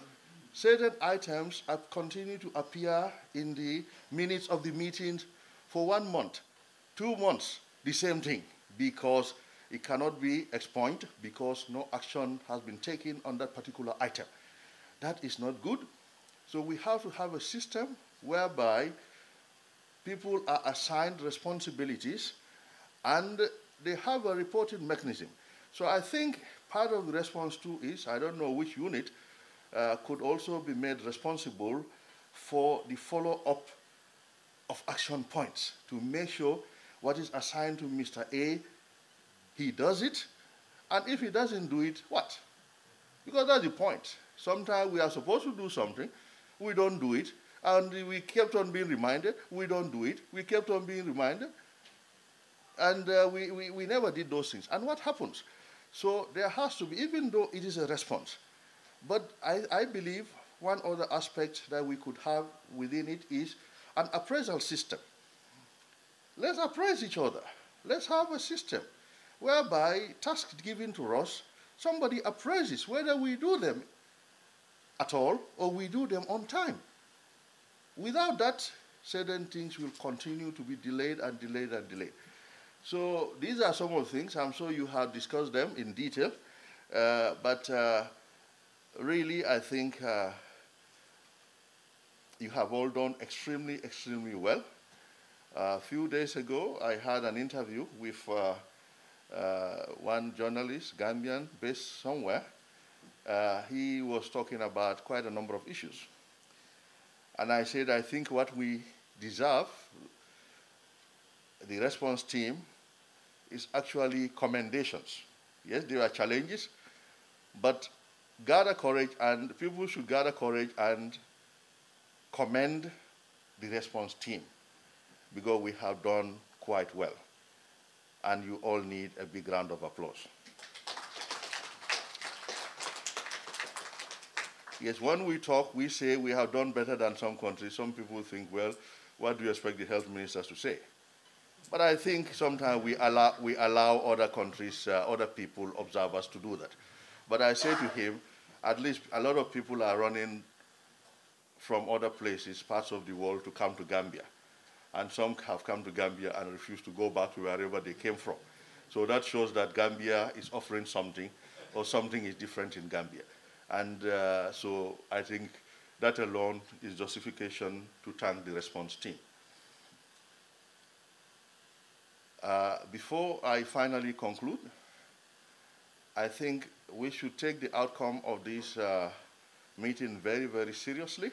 certain items have continued to appear in the minutes of the meetings for one month, two months, the same thing, because it cannot be expunged because no action has been taken on that particular item. That is not good. So we have to have a system whereby people are assigned responsibilities and they have a reporting mechanism. So I think part of the response too is, I don't know which unit uh, could also be made responsible for the follow-up of action points to make sure what is assigned to Mr. A, he does it, and if he doesn't do it, what? Because that's the point. Sometimes we are supposed to do something, we don't do it, and we kept on being reminded, we don't do it. We kept on being reminded. And uh, we, we, we never did those things. And what happens? So there has to be, even though it is a response, but I, I believe one other aspect that we could have within it is an appraisal system. Let's appraise each other. Let's have a system whereby tasks given to us, somebody appraises whether we do them at all or we do them on time. Without that, certain things will continue to be delayed and delayed and delayed. So these are some of the things. I'm sure you have discussed them in detail. Uh, but uh, really, I think uh, you have all done extremely, extremely well. A few days ago, I had an interview with uh, uh, one journalist, Gambian, based somewhere. Uh, he was talking about quite a number of issues. And I said, I think what we deserve, the response team, is actually commendations. Yes, there are challenges, but gather courage and people should gather courage and commend the response team because we have done quite well. And you all need a big round of applause. Yes, when we talk, we say we have done better than some countries. Some people think, well, what do you expect the health ministers to say? But I think sometimes we allow, we allow other countries, uh, other people, observers to do that. But I say to him, at least a lot of people are running from other places, parts of the world, to come to Gambia. And some have come to Gambia and refused to go back to wherever they came from. So that shows that Gambia is offering something, or something is different in Gambia. And uh, so I think that alone is justification to thank the response team. Uh, before I finally conclude, I think we should take the outcome of this uh, meeting very, very seriously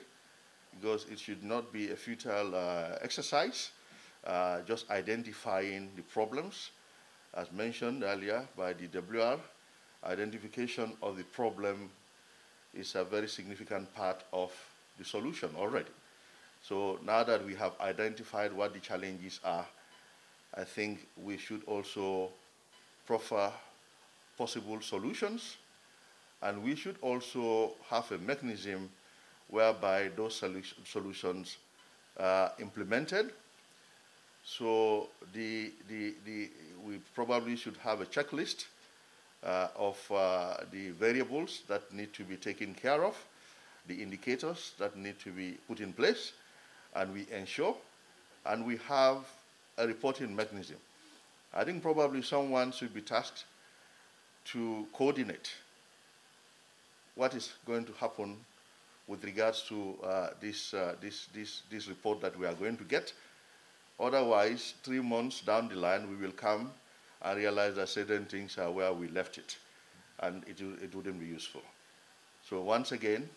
because it should not be a futile uh, exercise, uh, just identifying the problems as mentioned earlier by the WR, identification of the problem is a very significant part of the solution already. So now that we have identified what the challenges are, I think we should also proffer possible solutions and we should also have a mechanism whereby those solu solutions are uh, implemented. So the, the, the, we probably should have a checklist uh, of uh, the variables that need to be taken care of, the indicators that need to be put in place, and we ensure, and we have a reporting mechanism. I think probably someone should be tasked to coordinate what is going to happen with regards to uh, this, uh, this, this, this report that we are going to get. Otherwise, three months down the line, we will come I realized that certain things are where we left it, and it, it wouldn't be useful. So once again,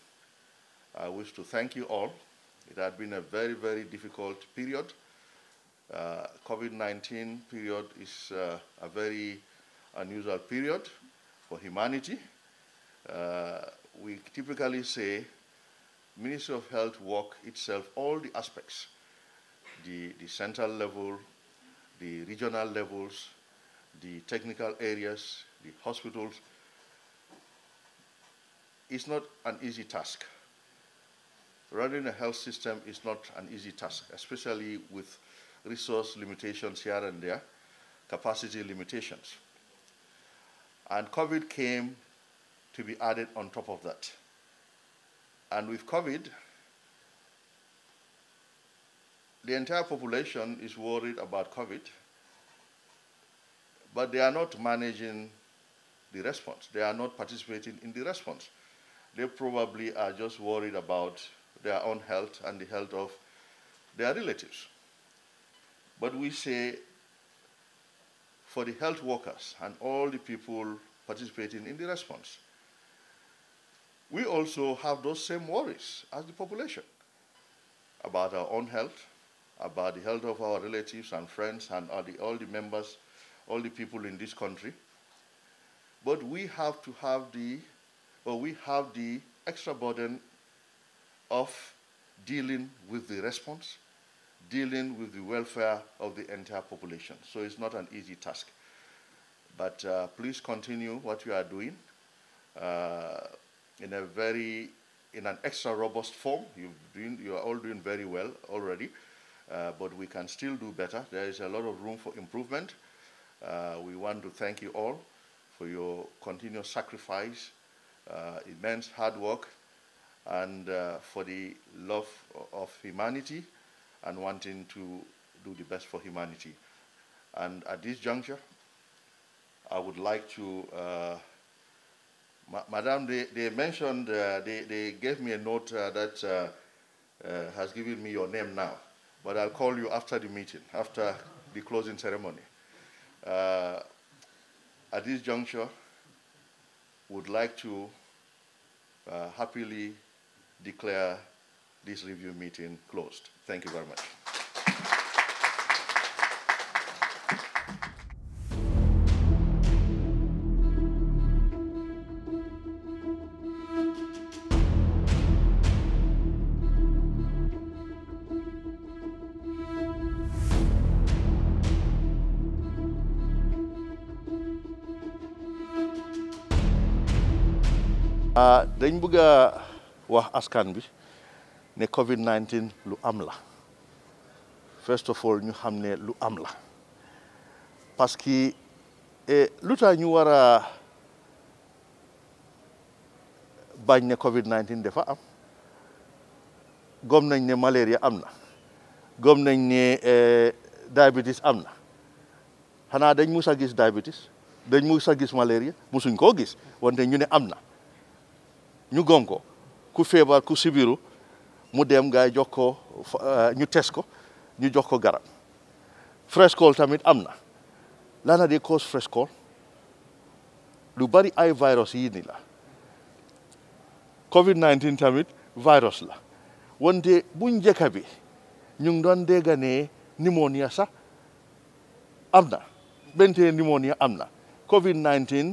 I wish to thank you all. It had been a very, very difficult period. Uh, COVID-19 period is uh, a very unusual period for humanity. Uh, we typically say Ministry of Health work itself, all the aspects, the, the central level, the regional levels, the technical areas, the hospitals. It's not an easy task. Running a health system is not an easy task, especially with resource limitations here and there, capacity limitations. And COVID came to be added on top of that. And with COVID, the entire population is worried about COVID but they are not managing the response. They are not participating in the response. They probably are just worried about their own health and the health of their relatives. But we say for the health workers and all the people participating in the response, we also have those same worries as the population about our own health, about the health of our relatives and friends and all the, all the members all the people in this country. But we have to have the, or we have the extra burden of dealing with the response, dealing with the welfare of the entire population. So it's not an easy task. But uh, please continue what you are doing uh, in a very, in an extra robust form. You've doing, you are all doing very well already, uh, but we can still do better. There is a lot of room for improvement. Uh, we want to thank you all for your continuous sacrifice, uh, immense hard work, and uh, for the love of humanity and wanting to do the best for humanity. And at this juncture, I would like to, uh, ma Madam, they, they mentioned, uh, they, they gave me a note uh, that has given me your name now, but I'll call you after the meeting, after the closing ceremony. Uh, at this juncture, would like to uh, happily declare this review meeting closed. Thank you very much. dañ bëgg wax askan bi ne Covid 19 lu am la first of all ñu xam ne lu am la parce que eh, lu tax ñu war a bañ ne Covid 19 dafa am gom nañ ne malaria am na gom nañ ne eh, diabetes am na xanaa dañ mus a gis diabetes dañ mu sa gis malaria musuñ koo gis wante ñu ne am na. ñu gom ko ku feebar ku sibiru mu dem gaay jox ko euh, ñu tes ko ñu jox ko garab fresh cold tamit am na lana di cause fresh cold lu bari ay virus yii ni la covid 19 tamit virus la wante bu njëkk bi ñu ngi doon dégg ne pneumonia sax am na bentee pneumonia am na covid 19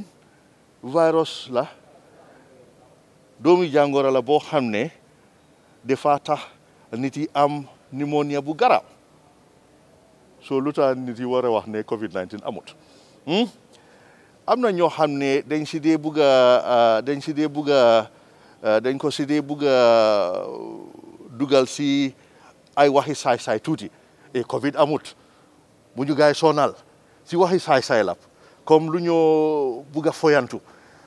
virus la doomi jàngoro la boo xam ne dafa tax nit yi am pneumonia bu garaaw soo lu tax nit yi war a wax ne Covid 19 amut hmm? am na ñoo xam ne dañ si dee bugg a dañ si dee bugg dañ ko si dee bugg a dugal si ay waxi saay-saay tuuti et eh, Covid amut bu ñu gaay soonal si waxi saay-saay la comme lu ñoo bugg a foyantu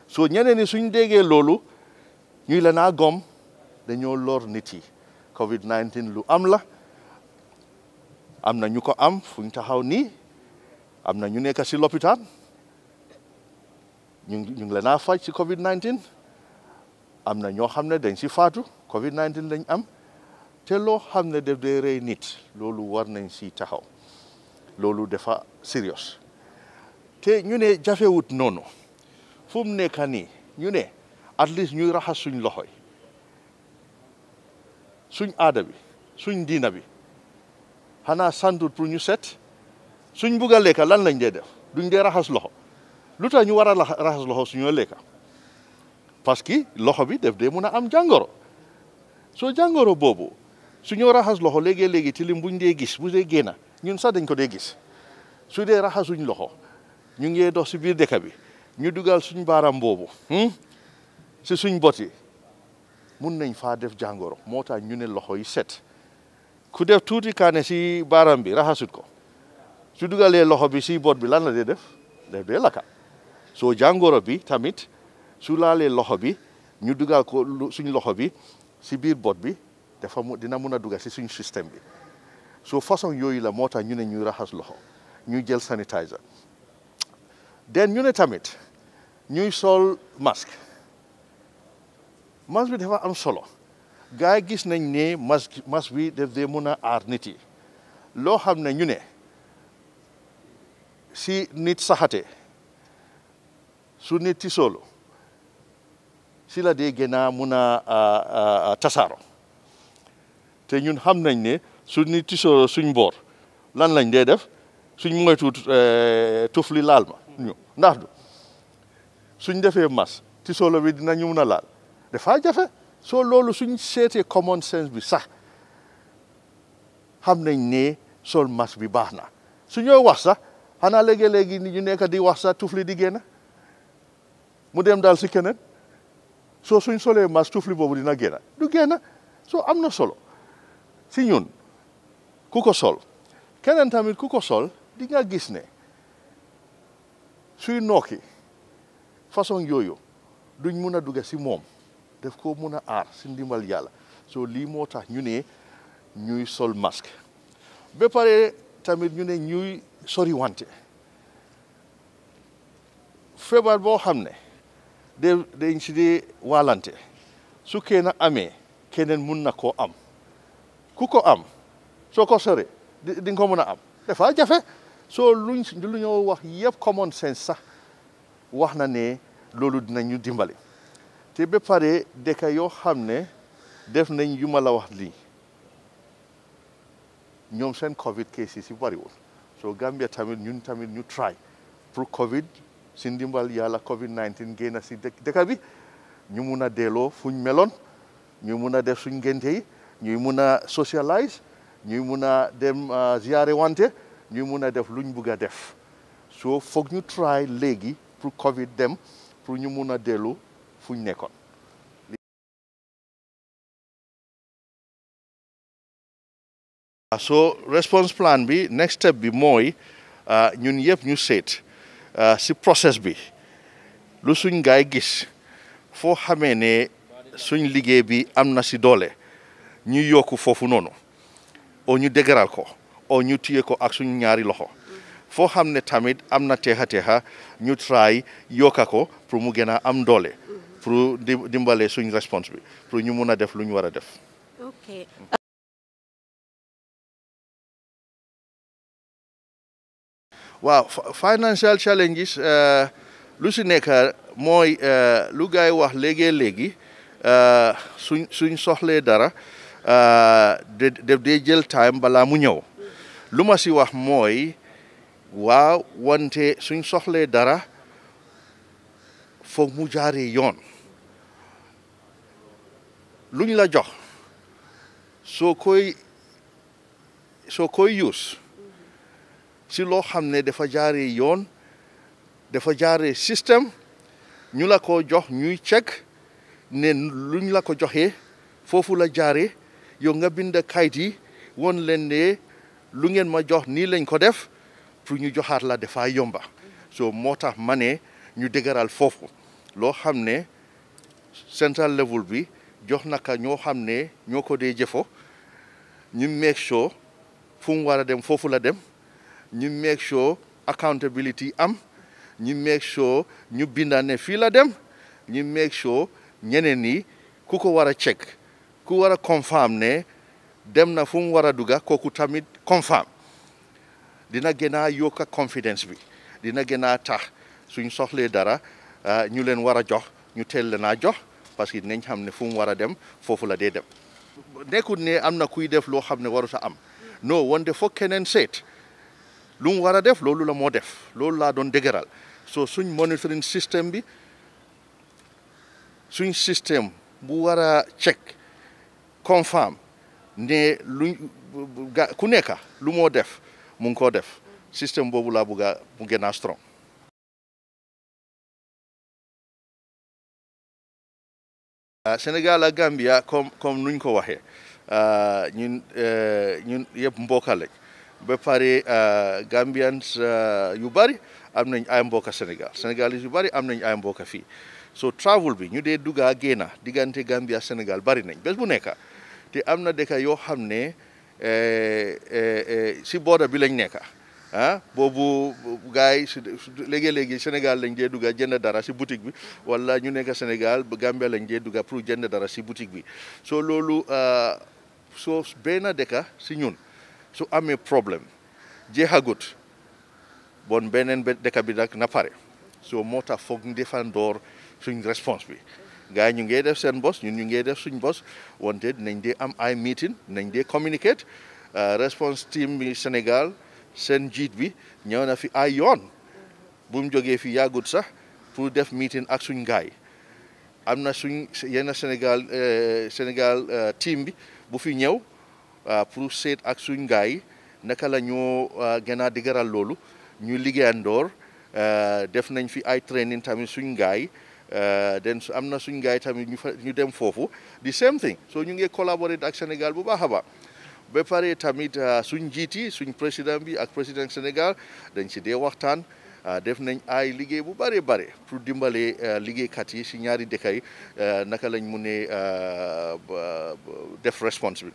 soo ñeneen ni suñ déggee loolu. ñuy la naa gom dañoo lor nit yi covid 19 lu am la am na ñu ko am fu taxaw nii am na ñu nekk si lopitaan ñu ngi ñu la naa faj si covid 19 am na ñoo xam ne dañ si faatu covid 19 lañ am te loo xam ne def dee rey nit loolu war nañ si taxaw loolu dafa serious te ñu ne jafewut noonu fu mu nekk ni ñu ne at least ñuy raxas suñ loxo yi suñ aada bi suñ diina bi xanaa sandut pour ñu set suñ bugg lekka lan lañ dee def duñ dee raxas loxo lu tax ñu war a raxas loxo suñoo lekka parce que loxo bi def dee mun a am jàngoro soo jàngoro boobu suñoo raxas loxo léegi-léegi tilim buñ dee gis bu dee génna ñun sax dañ ko dee gis su dee raxasuñ loxo ñu ngee dox si biir dëkk bi ñu dugal suñ baaram boobu hmm? si suñ bot yi mun nañ faa def jàngoro moo tax ñu ne loxo yi set ku def tuuti kaane si baaram bi raxasut ko su dugalee loxo bi si bot bi lan la dee def def dee lakka soo jàngoro bi tamit su laalee loxo bi ñu dugal ko suñ loxo bi si biir bot bi dafa mu dina mun a dugal si suñ système bi soo façon yooyu la moo tax ñu ne ñuy raxas loxo ñuy jël sanitizer den ñu ne tamit ñuy sol masque mas bi dafa am solo gars yi gis nañ ne mas mas bi daf dee mun a aar niti loo xam ne ñu ne si nit saxate su nit ci solo si la dee gën mun a tasaaro te ñun xam nañ ne su nit ci solo suñ boor lan lañ dee def suñ moytu e, tufli laal ma ñu ndax du suñ defee mas ci solo bi ñu mun a laal dafaa jafe soo loolu suñ seetee common sense bi sax xam nañ ne sol mas bi baax na su wax sax xanaa léegi-léegi ni ñu nekk di wax sax tufli di génn mu dem daal si keneen soo suñ solee mas tufli boobu dina génn du génn soo am na solo si ñun ku ko sol keneen tamit ku ko sol di nga gis ne suy nokki façon yooyu duñ mun a dugg si moom def ko mun a aar si ndimbal yàlla so lii moo tax ñu ne ñuy sol masque ba pare tamit ñu ne ñuy sori wante feebar boo xam ne de dañ si dee waalante su kenn amee keneen mun na koo am ku ko am soo ko sore di nga ko mën a am dafa jafe soo luñ lu ñoo wax yëpp common sense sax wax na ne loolu ñu dimbali te ba pare dëkk yoo xam ne def nañ yu ma la wax lii ñoom seen Covid cases yi bariwul so Gambia tamit ñun tamit ñu try pour Covid si ndimbal yàlla Covid 19 génn si dë dëkk bi ñu mun a delloo fuñ meloon ñu mun a def suñ ngénte ñuy mun a socialize ñuy mun a dem uh, ziare wante ñuy mun a def luñ bugg a def so foog ñu try léegi pour Covid dem pour ñu mun a dellu fu ñu nekkoon ah, so response plan bi next step bi mooy ah, ñun yëpp ñu seet ah, si process bi lu suñ gaay gis foo xamee ne suñ liggéey bi am na si doole ñu yokk foofu noonu o ñu dëgëral ko o ñu tiye ko ak suñ ñaari loxo foo xam ne tamit am na teexa teexa ñu try yokka ko pour mu gën a am doole pour dimbale suñ réponse bi pour ñu mun a def lu ñu war a def. ok. waaw financial challenges euh, lu si nekk euh, mooy euh, lu gars wax léegi-léegi suñ suñ soxlee dara de de dee jël time balaa mu ñëw lu ma si wax mooy waaw wante suñ soxlee dara. foog mu jaaree yoon luñ la jox soo koy soo koy use si loo xam ne dafa jaare yoon dafa jaare système ñu la ko jox ñuy check ne luñ la ko joxe foofu la jaare yow nga bind kayit yi won leen ne lu ngeen ma jox nii lañ ko def pour ñu joxaat la defa yomba soo moo tax ma ne ñu dëgëral foofu loo xam ne central level bi jox naka ñoo xam ne ñoo ko dee jëfo ñu make sure fu mu war a dem foofu la dem ñu make sure accountability am ñu make sure ñu binda ne fii la dem ñu make sure ñeneen ñi ku ko war a check ku war a confirm ne dem na fu mu war a dugga kooku tamit confirm dina gën a yokk confidence bi dina gën a tax suñ soxlee dara Ah, ñu leen war a jox ñu teel leen jox parce que nañ xam ne fu mu war a dem foofu la dee dem nekkul ne am na kuy def loo xam ne warut a am non wante foog keneen seet lu mu war a def loolu la moo def loolu laa doon dëgëral so suñ monitoring système bi suñ système bu war a check confirm ne ku nekka lu moo def mu ngi koo def système boobu laa bugg a mu gën strong Ah, Sénégal ak Gambia comme comme nuñ ko waxee ah, ñun eh, ñun yëpp mbokka lañ ba pare ah, Gambians yu bari am nañ ay mbokka Sénégal Sénégalais yu bari am nañ ay mbokka fii so travel bi ñu dee duggaa génna diggante Gambia Sénégal bari nañ bés bu nekka te am na dëkk yoo xam ne eh, eh, si border bi lañ nekka ah boobu gars yi su léegi-léegi Sénégal lañ dee dugga jënd dara si boutique bi wala ñu nekk Sénégal ba Gambia lañ dee dugga pour jënd dara si boutique bi soo loolu ah, soo benn dëkka si ñun su amee problème jeexagut bon beneen dëkk bi nag na pare soo moo tax foog ñu defandoor suñ réponse bi gars ñu ngey def seen bos ñu ñu ngey def suñ bos wante nañ dee am ay meeting nañ dee communicate ah, response team bi Sénégal seen jiit bi ñëw na fi ay yoon bu mu jógee fi yàggut sax pour def meeting ak suñ gaay am na suñ yenn Sénégal eh, Sénégal eh, team bi bu fi ñëw ah, pour seet ak suñ gaay yi naka lañu ñoo ah, gën a loolu ñu liggéeyandoor eh, def nañ fi ay training tamit suñ gaay yi den am na suñ gaay yi tamit ñu fa ñu dem foofu the same thing so ñu ngi collaborate ak Sénégal bu baax a baax ba pare tamit ah, suñ jiiti suñ président bi ak président Sénégal dañ si dee waxtaan ah, def nañ ay liggéey bu bare bare pour dimbale ah, liggéeykat yi si ñaari dëkk yi naka lañ mun a def response bi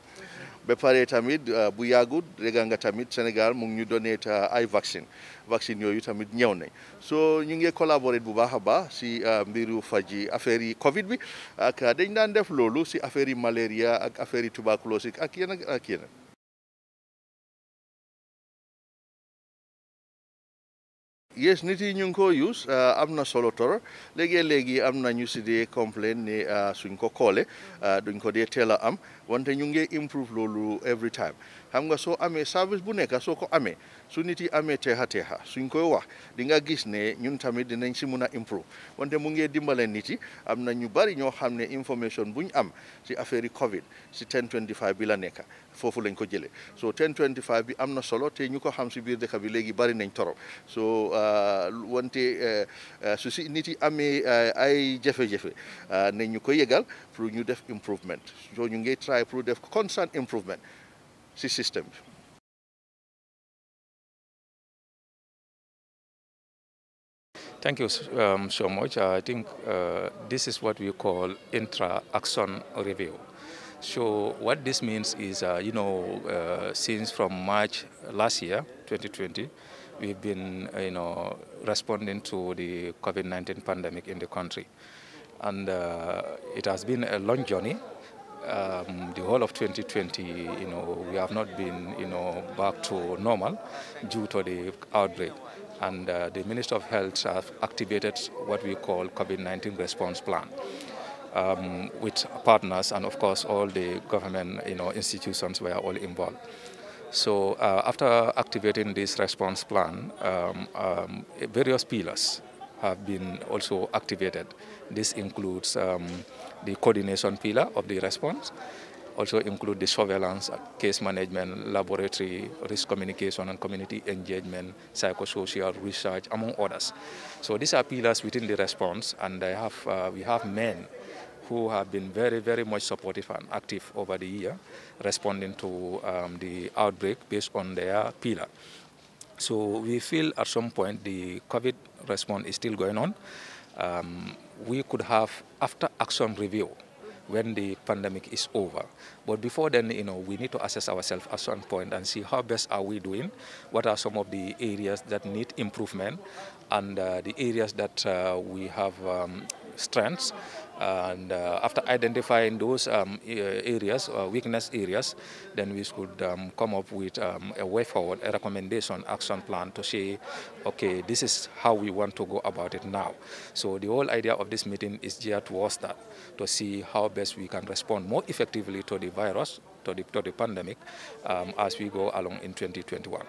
ba pare tamit euh, bu yàggut dégg tamit Sénégal mu ngi ñu donné euh, ay vaccine vaccine yooyu tamit ñëw nañ soo ñu ngi collaboré bu baax a baax si euh, mbiru faji affaire yi Covid bi ak dañ daan def loolu si affaire yi malaria ak affaire yi tuberculose ak yeneen ak yeneen. yes nit yi ñu ngi ko use uh, am na solo torop léegi léegi am na ñu si dee complain ne uh, suñ ko koole uh, duñ ko dee teel a am wante ñu ngi improve loolu every time xam nga soo amee service bu nekk soo ko amee su nit yi amee teexa teexa suñ koy wax di nga gis ne ñun tamit dinañ si mun a improve wante mu ngee dimbale nit yi am na ñu bari ñoo xam ne information bu ñu am si affaire yi Covid si 1025 bi la nekk foofu lañ ko jëlee so 1025 bi am na solo te ñu ko xam si biir dëkk bi léegi bari nañ torop so euh, wante euh, euh, su si nit yi amee ay jafe-jafe nañ ñu ko yëgal pour ñu def improvement so ñu ngi try pour def constant improvement si système bi. Thank you um, so much. I think uh, this is what we call intra-action review. So what this means is, uh, you know, uh, since from March last year, 2020, we've been, uh, you know, responding to the COVID-19 pandemic in the country. And uh, it has been a long journey. Um, the whole of 2020, you know, we have not been, you know, back to normal due to the outbreak and uh, the Minister of Health have activated what we call COVID-19 response plan um, with partners and of course all the government you know, institutions were all involved. So uh, after activating this response plan, um, um, various pillars have been also activated. This includes um, the coordination pillar of the response, also include the surveillance, uh, case management, laboratory, risk communication and community engagement, psychosocial research, among others. So these are pillars within the response, and have, uh, we have men who have been very, very much supportive and active over the year, responding to um, the outbreak based on their pillar. So we feel at some point the COVID response is still going on. Um, we could have after action review when the pandemic is over. But before then, you know, we need to assess ourselves at some point and see how best are we doing, what are some of the areas that need improvement, and uh, the areas that uh, we have um, strengths and uh, after identifying those um, areas, uh, weakness areas, then we could um, come up with um, a way forward, a recommendation, action plan to say, okay, this is how we want to go about it now. So the whole idea of this meeting is geared towards that, to see how best we can respond more effectively to the virus, to the, to the pandemic, um, as we go along in 2021.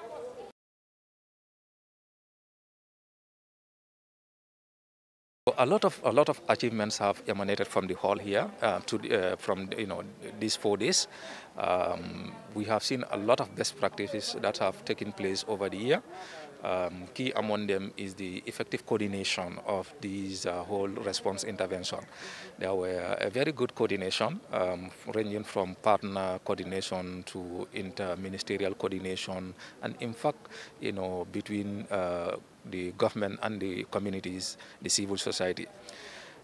A lot of a lot of achievements have emanated from the hall here uh, to uh, from you know these four days. Um, we have seen a lot of best practices that have taken place over the year. Um, key among them is the effective coordination of these uh, whole response intervention. There were a very good coordination, um, ranging from partner coordination to inter-ministerial coordination, and in fact, you know, between uh, the government and the communities, the civil society.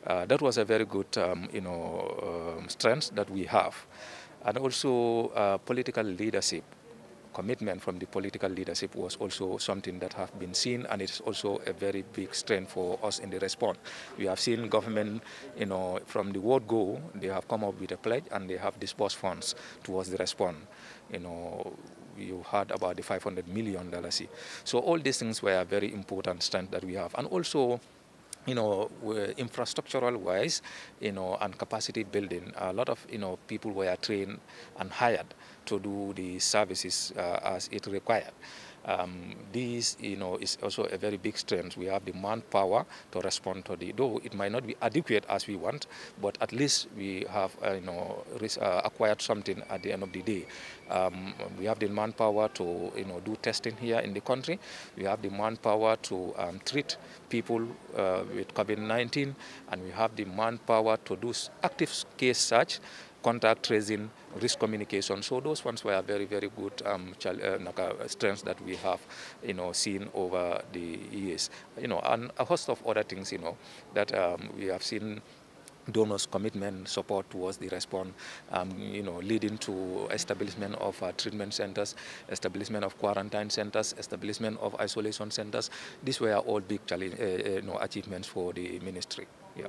Uh, that was a very good um, you know, um, strength that we have. And also uh, political leadership, commitment from the political leadership was also something that have been seen and it's also a very big strength for us in the response. We have seen government, you know, from the word go, they have come up with a pledge and they have disbursed funds towards the response. You know, you heard about the $500 million. So all these things were very important strength that we have. And also, you know, infrastructural wise, you know, and capacity building, a lot of, you know, people were trained and hired to do the services uh, as it required. Um, this, you know, is also a very big strength. We have the manpower to respond to the, though it might not be adequate as we want, but at least we have, uh, you know, uh, acquired something at the end of the day. Um, we have the manpower to, you know, do testing here in the country. We have the manpower to um, treat people uh, with COVID-19, and we have the manpower to do active case search contact tracing, risk communication. So those ones were very, very good um, uh, uh, strengths that we have, you know, seen over the years. You know, and a host of other things, you know, that um, we have seen donors' commitment, support towards the response, um, you know, leading to establishment of uh, treatment centers, establishment of quarantine centers, establishment of isolation centers. These were all big uh, uh, you know, achievements for the ministry. Yeah.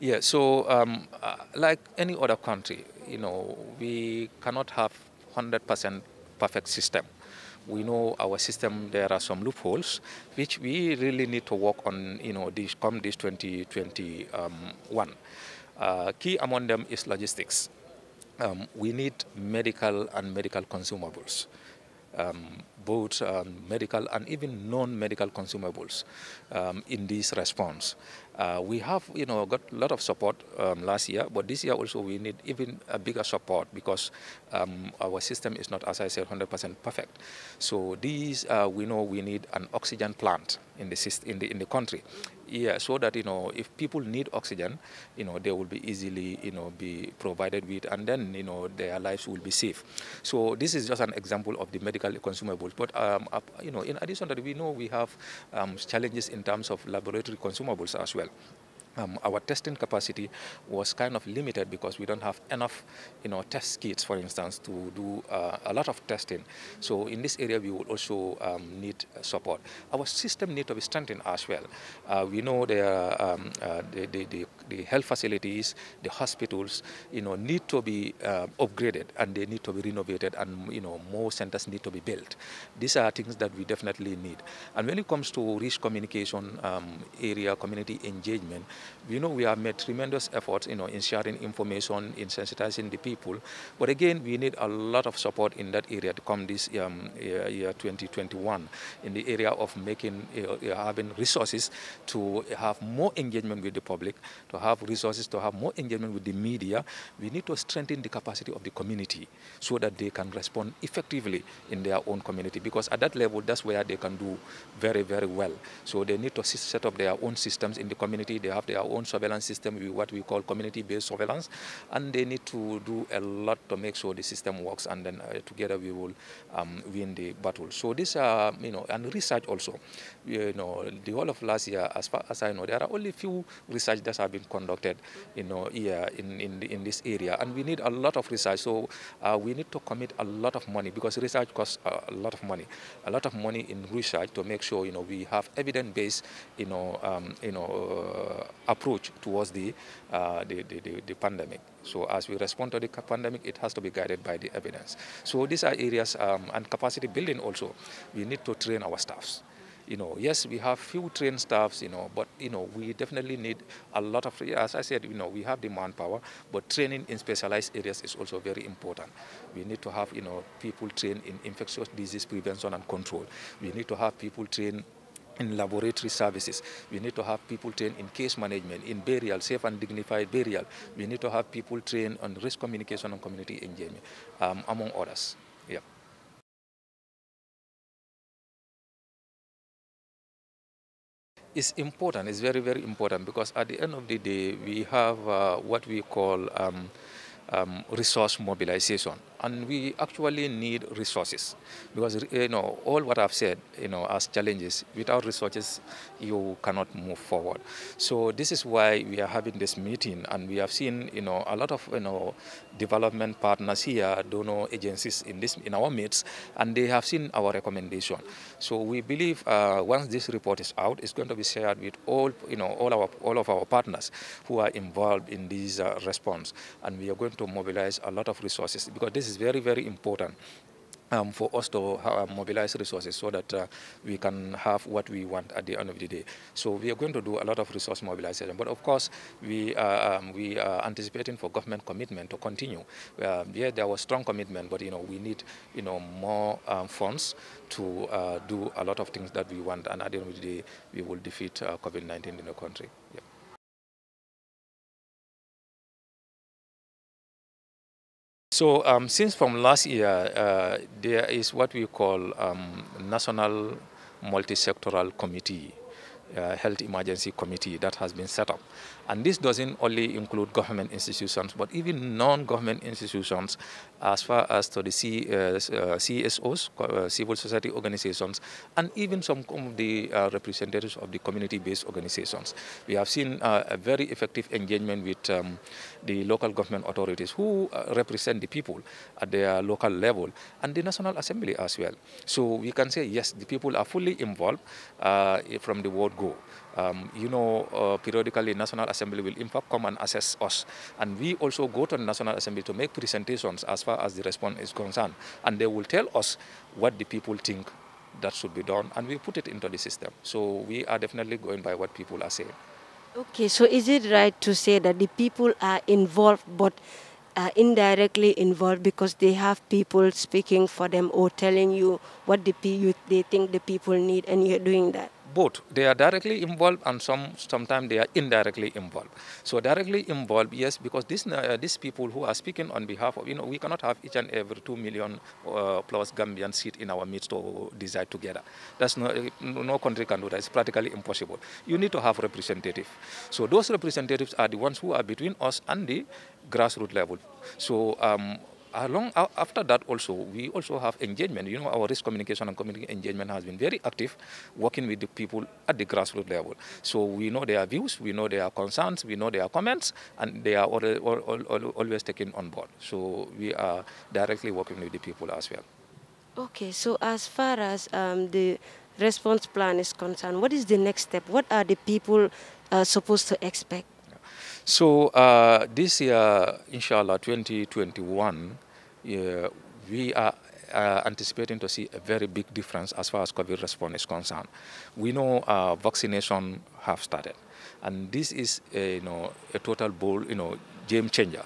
Yeah, so um, uh, like any other country, you know, we cannot have 100% perfect system. We know our system, there are some loopholes, which we really need to work on, you know, this, come this 2021. Um, uh, key among them is logistics. Um, we need medical and medical consumables. Um, both um, medical and even non-medical consumables um, in this response. Uh, we have, you know, got a lot of support um, last year, but this year also we need even a bigger support because um, our system is not, as I said, 100% perfect. So these, uh, we know we need an oxygen plant in the, in the, in the country yeah, so that you know if people need oxygen, you know they will be easily you know be provided with, and then you know their lives will be safe. So this is just an example of the medical consumables. But um, you know, in addition that we know we have um, challenges in terms of laboratory consumables as well. Um, our testing capacity was kind of limited because we don't have enough, you know, test kits, for instance, to do uh, a lot of testing. So in this area, we will also um, need support. Our system needs to be strengthened as well. Uh, we know the, um, uh, the, the, the, the, health facilities, the hospitals, you know, need to be uh, upgraded and they need to be renovated and, you know, more centers need to be built. These are things that we definitely need. And when it comes to risk communication um, area, community engagement, we know, we have made tremendous efforts, you know, in sharing information, in sensitizing the people. But again, we need a lot of support in that area to come this um, year, year, 2021 in the area of making, uh, having resources to have more engagement with the public, to have resources to have more engagement with the media. We need to strengthen the capacity of the community so that they can respond effectively in their own community because at that level, that's where they can do very, very well. So they need to set up their own systems in the community. They have their own surveillance system, what we call community-based surveillance, and they need to do a lot to make sure the system works, and then uh, together we will um, win the battle. So these are, you know, and research also you know, the whole of last year, as far as I know, there are only few research that have been conducted, you know, here in, in, in this area. And we need a lot of research. So uh, we need to commit a lot of money because research costs a lot of money, a lot of money in research to make sure, you know, we have evidence-based, you know, um, you know, uh, approach towards the, uh, the, the, the, the pandemic. So as we respond to the pandemic, it has to be guided by the evidence. So these are areas um, and capacity building also. We need to train our staffs you know, yes, we have few trained staffs, you know, but, you know, we definitely need a lot of, as I said, you know, we have the manpower, but training in specialized areas is also very important. We need to have, you know, people trained in infectious disease prevention and control. We need to have people trained in laboratory services. We need to have people trained in case management, in burial, safe and dignified burial. We need to have people trained on risk communication and community engagement, um, among others. is important. It's very, very important because at the end of the day, we have uh, what we call um, um, resource mobilization and we actually need resources because you know all what I've said you know as challenges without resources you cannot move forward so this is why we are having this meeting and we have seen you know a lot of you know development partners here donor agencies in this in our midst and they have seen our recommendation so we believe uh, once this report is out it's going to be shared with all you know all our all of our partners who are involved in this uh, response and we are going to mobilize a lot of resources because this is very, very important. Um, for us to uh, mobilize resources so that uh, we can have what we want at the end of the day. So we are going to do a lot of resource mobilization. But of course, we, uh, um, we are anticipating for government commitment to continue. Um, yeah, there was strong commitment, but you know, we need you know, more um, funds to uh, do a lot of things that we want. And at the end of the day, we will defeat uh, COVID-19 in the country. Yeah. So um, since from last year, uh, there is what we call um, National Multisectoral Committee, uh, Health Emergency Committee that has been set up. And this doesn't only include government institutions, but even non-government institutions, as far as to the C, uh, CSOs, uh, uh, civil society organizations, and even some of the uh, representatives of the community-based organizations. We have seen uh, a very effective engagement with um, the local government authorities who uh, represent the people at their local level, and the National Assembly as well. So we can say, yes, the people are fully involved from the word go. Um, you know, uh, periodically National Assembly will in fact come and assess us. And we also go to the National Assembly to make presentations as far as the response is concerned. And they will tell us what the people think that should be done and we put it into the system. So we are definitely going by what people are saying. Okay, so is it right to say that the people are involved but uh, indirectly involved because they have people speaking for them or telling you what the you, they think the people need and you're doing that? both. They are directly involved and some sometimes they are indirectly involved. So directly involved, yes, because this, uh, these people who are speaking on behalf of, you know, we cannot have each and every 2 million uh, plus Gambian seat in our midst to decide together. That's no, no country can do that. It's practically impossible. You need to have representatives. So those representatives are the ones who are between us and the grassroots level. So um, along uh, after that also, we also have engagement. You know, our risk communication and community engagement has been very active, working with the people at the grassroots level. So we know their views, we know their concerns, we know their comments, and they are always, always taken on board. So we are directly working with the people as well. Okay, so as far as um, the response plan is concerned, what is the next step? What are the people uh, supposed to expect? So uh, this year, inshallah, 2021, uh, we are uh, anticipating to see a very big difference as far as COVID response is concerned. We know uh, vaccination have started, and this is a, you know a total ball, you know game changer.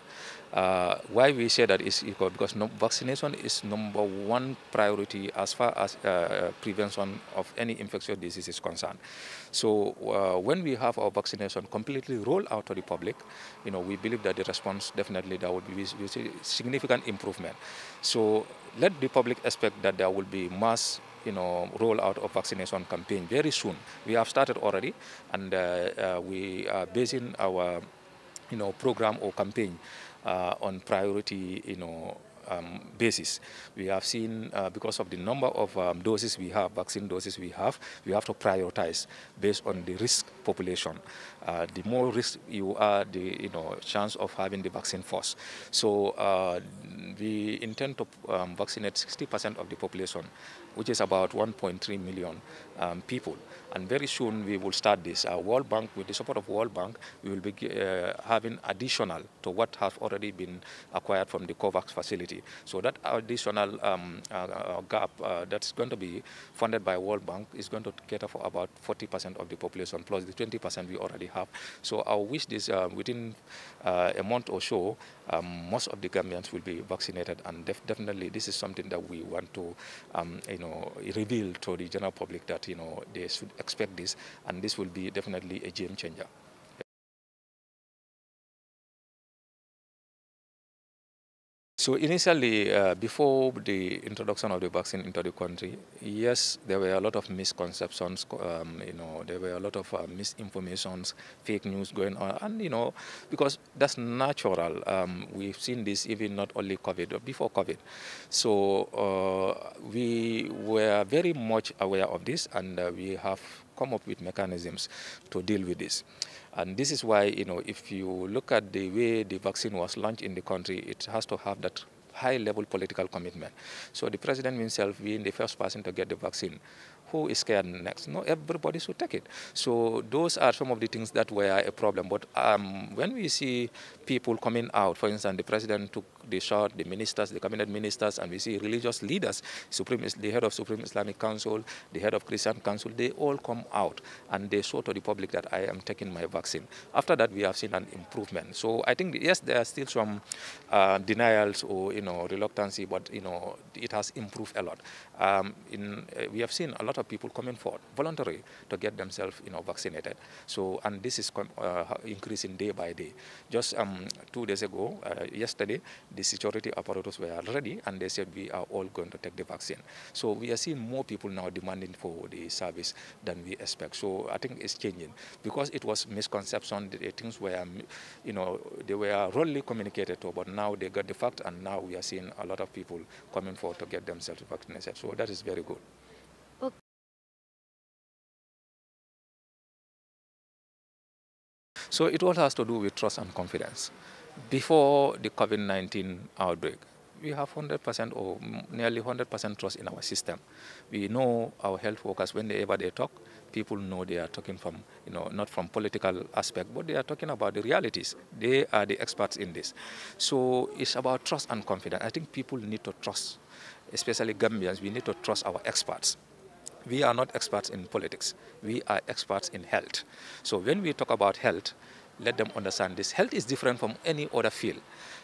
Uh, why we say that is equal because no, vaccination is number one priority as far as uh, uh, prevention of any infectious disease is concerned. So uh, when we have our vaccination completely rolled out to the public, you know, we believe that the response definitely there will be significant improvement. So let the public expect that there will be mass you know, roll out of vaccination campaign very soon. We have started already, and uh, uh, we are basing our you know, program or campaign uh, on priority, you know, um, basis. We have seen uh, because of the number of um, doses we have, vaccine doses we have, we have to prioritize based on the risk population. Uh, the more risk you are, the you know chance of having the vaccine first. So uh, we intend to um, vaccinate 60% of the population, which is about 1.3 million um, people. And very soon we will start this. Our uh, World Bank, with the support of World Bank, we will be uh, having additional to what has already been acquired from the COVAX facility. So that additional um, uh, uh gap uh, that's going to be funded by World Bank is going to cater for about 40% of the population plus the 20% we already have. So I wish this within a month or so, um, most of the Gambians will be vaccinated, and def definitely this is something that we want to, um, you know, reveal to the general public that you know they should expect this, and this will be definitely a game changer. So initially, uh, before the introduction of the vaccine into the country, yes, there were a lot of misconceptions. Um, you know, there were a lot of uh, misinformations, fake news going on, and you know, because that's natural. Um, we've seen this even not only COVID, but before COVID. So uh, we were very much aware of this, and uh, we have come up with mechanisms to deal with this. And this is why, you know, if you look at the way the vaccine was launched in the country, it has to have that high-level political commitment. So the president himself being the first person to get the vaccine, who is scared next? No, everybody should take it. So those are some of the things that were a problem. But um, when we see people coming out. For instance, the president took the shot, the ministers, the cabinet ministers, and we see religious leaders, Supreme, the head of Supreme Islamic Council, the head of Christian Council, they all come out and they show to the public that I am taking my vaccine. After that, we have seen an improvement. So I think, yes, there are still some uh, denials or, you know, reluctancy, but, you know, it has improved a lot. Um, in, uh, we have seen a lot of people coming forward voluntarily to get themselves, you know, vaccinated. So, and this is uh, increasing day by day. Just um, two days ago, uh, yesterday, the security apparatus were ready and they said we are all going to take the vaccine. So we are seeing more people now demanding for the service than we expect. So I think it's changing because it was misconception. The, the things were, um, you know, they were wrongly communicated to, but now they got the fact and now we are seeing a lot of people coming forward to get themselves vaccinated. So that is very good. So it all has to do with trust and confidence. Before the COVID 19 outbreak, we have 100% or nearly 100% trust in our system. We know our health workers whenever they talk, people know they are talking from, you know, not from political aspect, but they are talking about the realities. They are the experts in this. So it's about trust and confidence. I think people need to trust, especially Gambians, we need to trust our experts we are not experts in politics. We are experts in health. So when we talk about health, let them understand this. Health is different from any other field.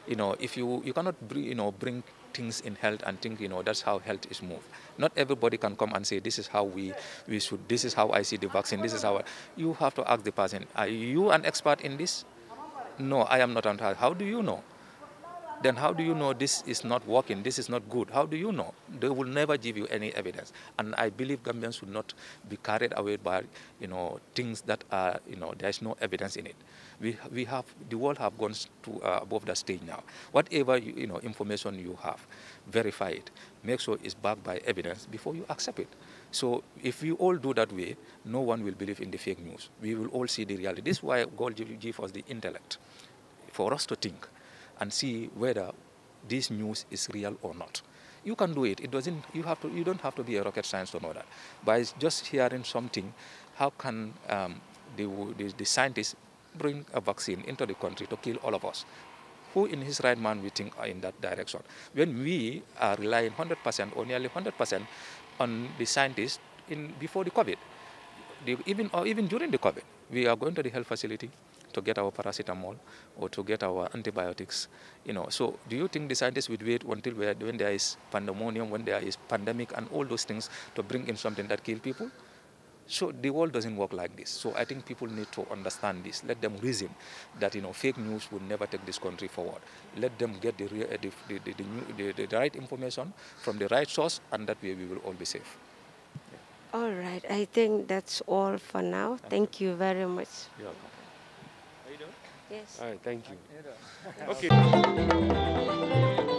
You know, if you, you cannot you know, bring things in health and think, you know, that's how health is moved. Not everybody can come and say, this is how we, we should, this is how I see the vaccine, this is how I, you have to ask the person, are you an expert in this? No, I am not. How do you know? then how do you know this is not working, this is not good? How do you know? They will never give you any evidence. And I believe Gambians should not be carried away by, you know, things that are, you know, there is no evidence in it. We, we have, the world have gone to uh, above that stage now. Whatever, you, you know, information you have, verify it. Make sure it's backed by evidence before you accept it. So if we all do that way, no one will believe in the fake news. We will all see the reality. This is why God gives us the intellect, for us to think and see whether this news is real or not. You can do it. It doesn't. You have to. You don't have to be a rocket scientist to know that. By just hearing something, how can um, the, the, the scientists bring a vaccine into the country to kill all of us? Who in his right mind we think are in that direction? When we are relying 100% or nearly 100% on the scientists in before the COVID, the, even or even during the COVID, we are going to the health facility to get our paracetamol or to get our antibiotics. You know, so do you think the scientists would wait until when there is pandemonium, when there is pandemic and all those things to bring in something that kill people? So the world doesn't work like this. So I think people need to understand this. Let them reason that you know fake news will never take this country forward. Let them get the, the, the, the, the right information from the right source, and that way we will all be safe. All right. I think that's all for now. Thank, Thank you. you. very much. Yes. All right, thank you. Okay.